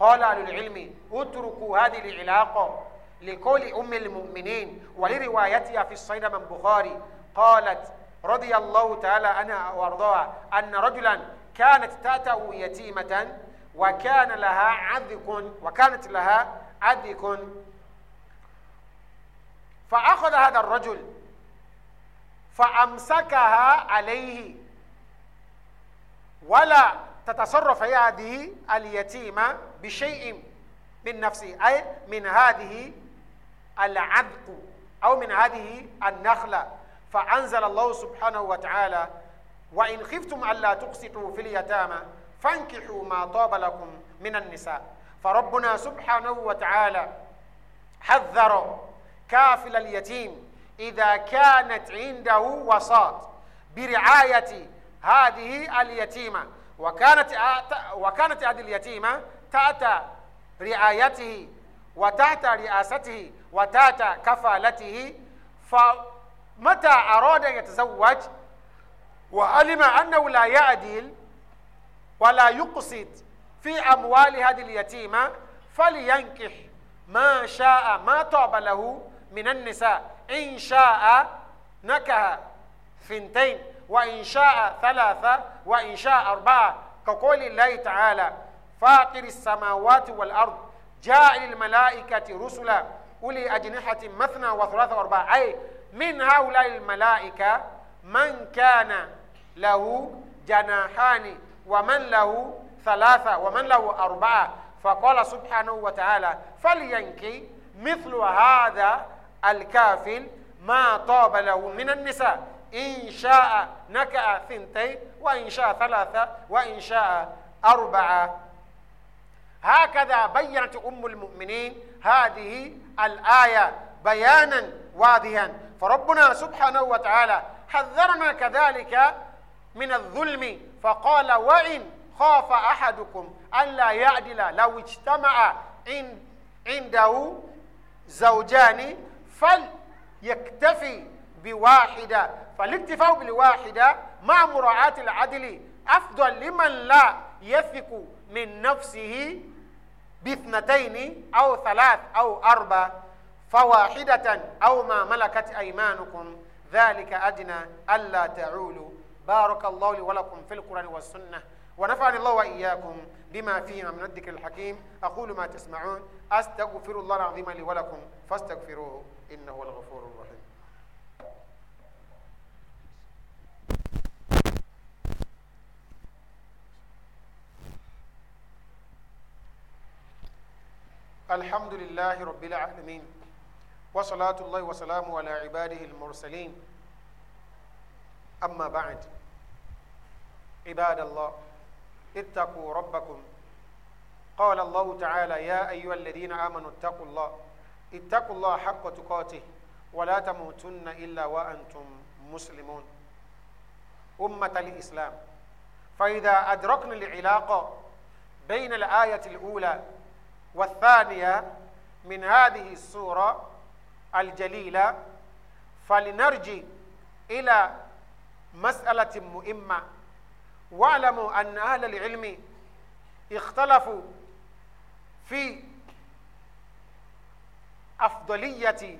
قال أهل العلم اتركوا هذه العلاقة لقول أم المؤمنين ولروايتها في الصين من بخاري قالت رضي الله تعالى عنها وارضاها أن رجلا كانت تأتأ يتيمة وكان لها عذق وكانت لها عذق فأخذ هذا الرجل فأمسكها عليه ولا تتصرف هذه اليتيمة بشيء من نفسه أي من هذه العذق أو من هذه النخلة فأنزل الله سبحانه وتعالى وإن خفتم ألا تقسطوا في اليتامى فانكحوا ما طاب لكم من النساء فربنا سبحانه وتعالى حذر كافل اليتيم إذا كانت عنده وساط برعاية هذه اليتيمة وكانت وكانت هذه اليتيمة تحت رعايته وتحت رئاسته وتحت كفالته فمتى أراد أن يتزوج وعلم أنه لا يعدل ولا يقصد في أموال هذه اليتيمة فلينكح ما شاء ما طاب له من النساء إن شاء نكه ثنتين وإن شاء ثلاثة وإن شاء أربعة كقول الله تعالى فاطر السماوات والأرض جاء للملائكة رسلا أولي أجنحة مثنى وثلاثة وأربعة أي من هؤلاء الملائكة من كان له جناحان ومن له ثلاثة ومن له أربعة فقال سبحانه وتعالى فلينكي مثل هذا الكافل ما طاب له من النساء إن شاء نكأ ثنتين وإن شاء ثلاثة وإن شاء أربعة هكذا بينت أم المؤمنين هذه الآية بيانا واضحا فربنا سبحانه وتعالى حذرنا كذلك من الظلم فقال وإن خاف أحدكم ألا يعدل لو اجتمع عنده زوجان فليكتفي بواحدة فالاكتفاء بالواحدة مع مراعاة العدل أفضل لمن لا يثق من نفسه باثنتين أو ثلاث أو أربع فواحدة أو ما ملكت أيمانكم ذلك أدنى ألا تعولوا بارك الله لي ولكم في القرآن والسنة ونفعني الله وإياكم بما فيهما من الذكر الحكيم أقول ما تسمعون أستغفر الله العظيم لي ولكم فاستغفروه إنه الغفور الرحيم الحمد لله رب العالمين وصلاة الله وسلامه على عباده المرسلين أما بعد عباد الله اتقوا ربكم قال الله تعالى يا أيها الذين آمنوا اتقوا الله اتقوا الله حق تقاته ولا تموتن إلا وأنتم مسلمون أمة الإسلام فإذا أدركنا العلاقة بين الآية الأولى والثانية من هذه السورة الجليلة فلنرجع إلى مسألة مهمة واعلموا أن أهل العلم اختلفوا في أفضلية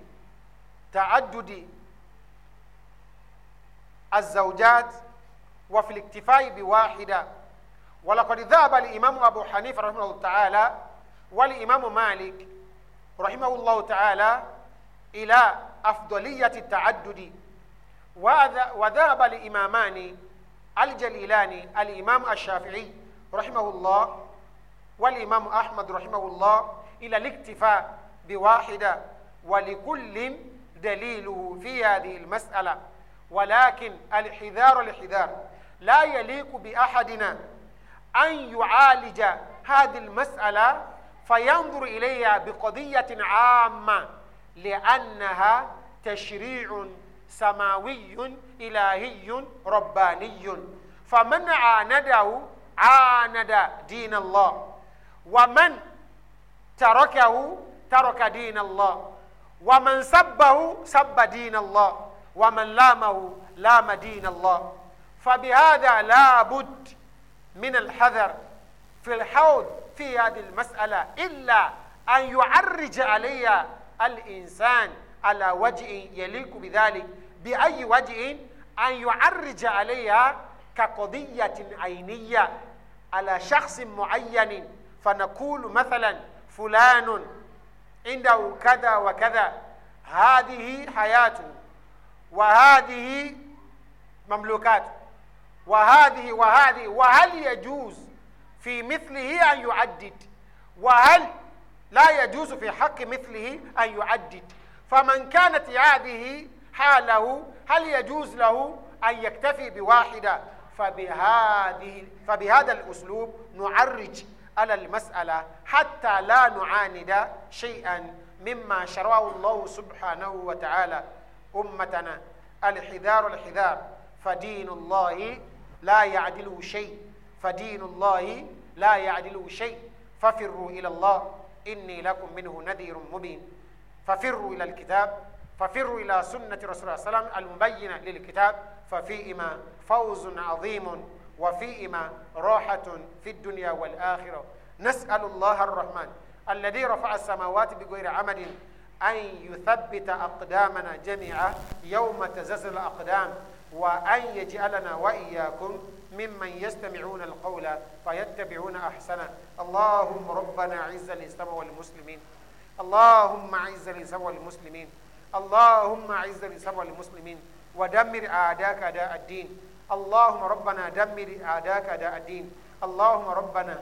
تعدد الزوجات وفي الاكتفاء بواحدة ولقد ذهب الإمام أبو حنيفة رحمه الله تعالى والإمام مالك رحمه الله تعالى إلى أفضلية التعدد وذهب الإمامان الجليلان الإمام الشافعي رحمه الله والإمام أحمد رحمه الله إلى الاكتفاء بواحدة ولكل دليله في هذه المسألة ولكن الحذار الحذار لا يليق بأحدنا أن يعالج هذه المسألة فينظر إليها بقضية عامة لأنها تشريع سماوي إلهي رباني فمن عانده عاند دين الله ومن تركه ترك دين الله ومن سبه سب دين الله ومن لامه لام دين الله فبهذا لا بد من الحذر في الحوض في هذه المسألة إلا أن يعرج علي الإنسان على وجه يليق بذلك بأي وجه أن يعرج عليها كقضية عينية على شخص معين فنقول مثلا فلان عنده كذا وكذا هذه حياته وهذه مملوكاته وهذه وهذه وهل يجوز في مثله أن يعدد وهل لا يجوز في حق مثله أن يعدد فمن كانت هذه حاله هل يجوز له أن يكتفي بواحدة فبهذه فبهذا الأسلوب نعرج على المسألة حتى لا نعاند شيئا مما شرعه الله سبحانه وتعالى أمتنا الحذار الحذار فدين الله لا يعدله شيء فدين الله لا يعدله شيء ففروا إلى الله إني لكم منه نذير مبين ففروا إلى الكتاب ففروا إلى سنة رسول الله صلى الله عليه وسلم المبينة للكتاب ففيهما فوز عظيم وفيهما راحة في الدنيا والآخرة نسأل الله الرحمن الذي رفع السماوات بغير عمل أن يثبت أقدامنا جميعا يوم تزلزل الأقدام وأن يجعلنا وإياكم ممن يستمعون القول فيتبعون أحسنه اللهم ربنا عز الإسلام والمسلمين اللهم عز الإسلام والمسلمين اللهم عز الإسلام والمسلمين ودمر أعداءك أعداء الدين اللهم ربنا دمر أعداءك أعداء الدين اللهم ربنا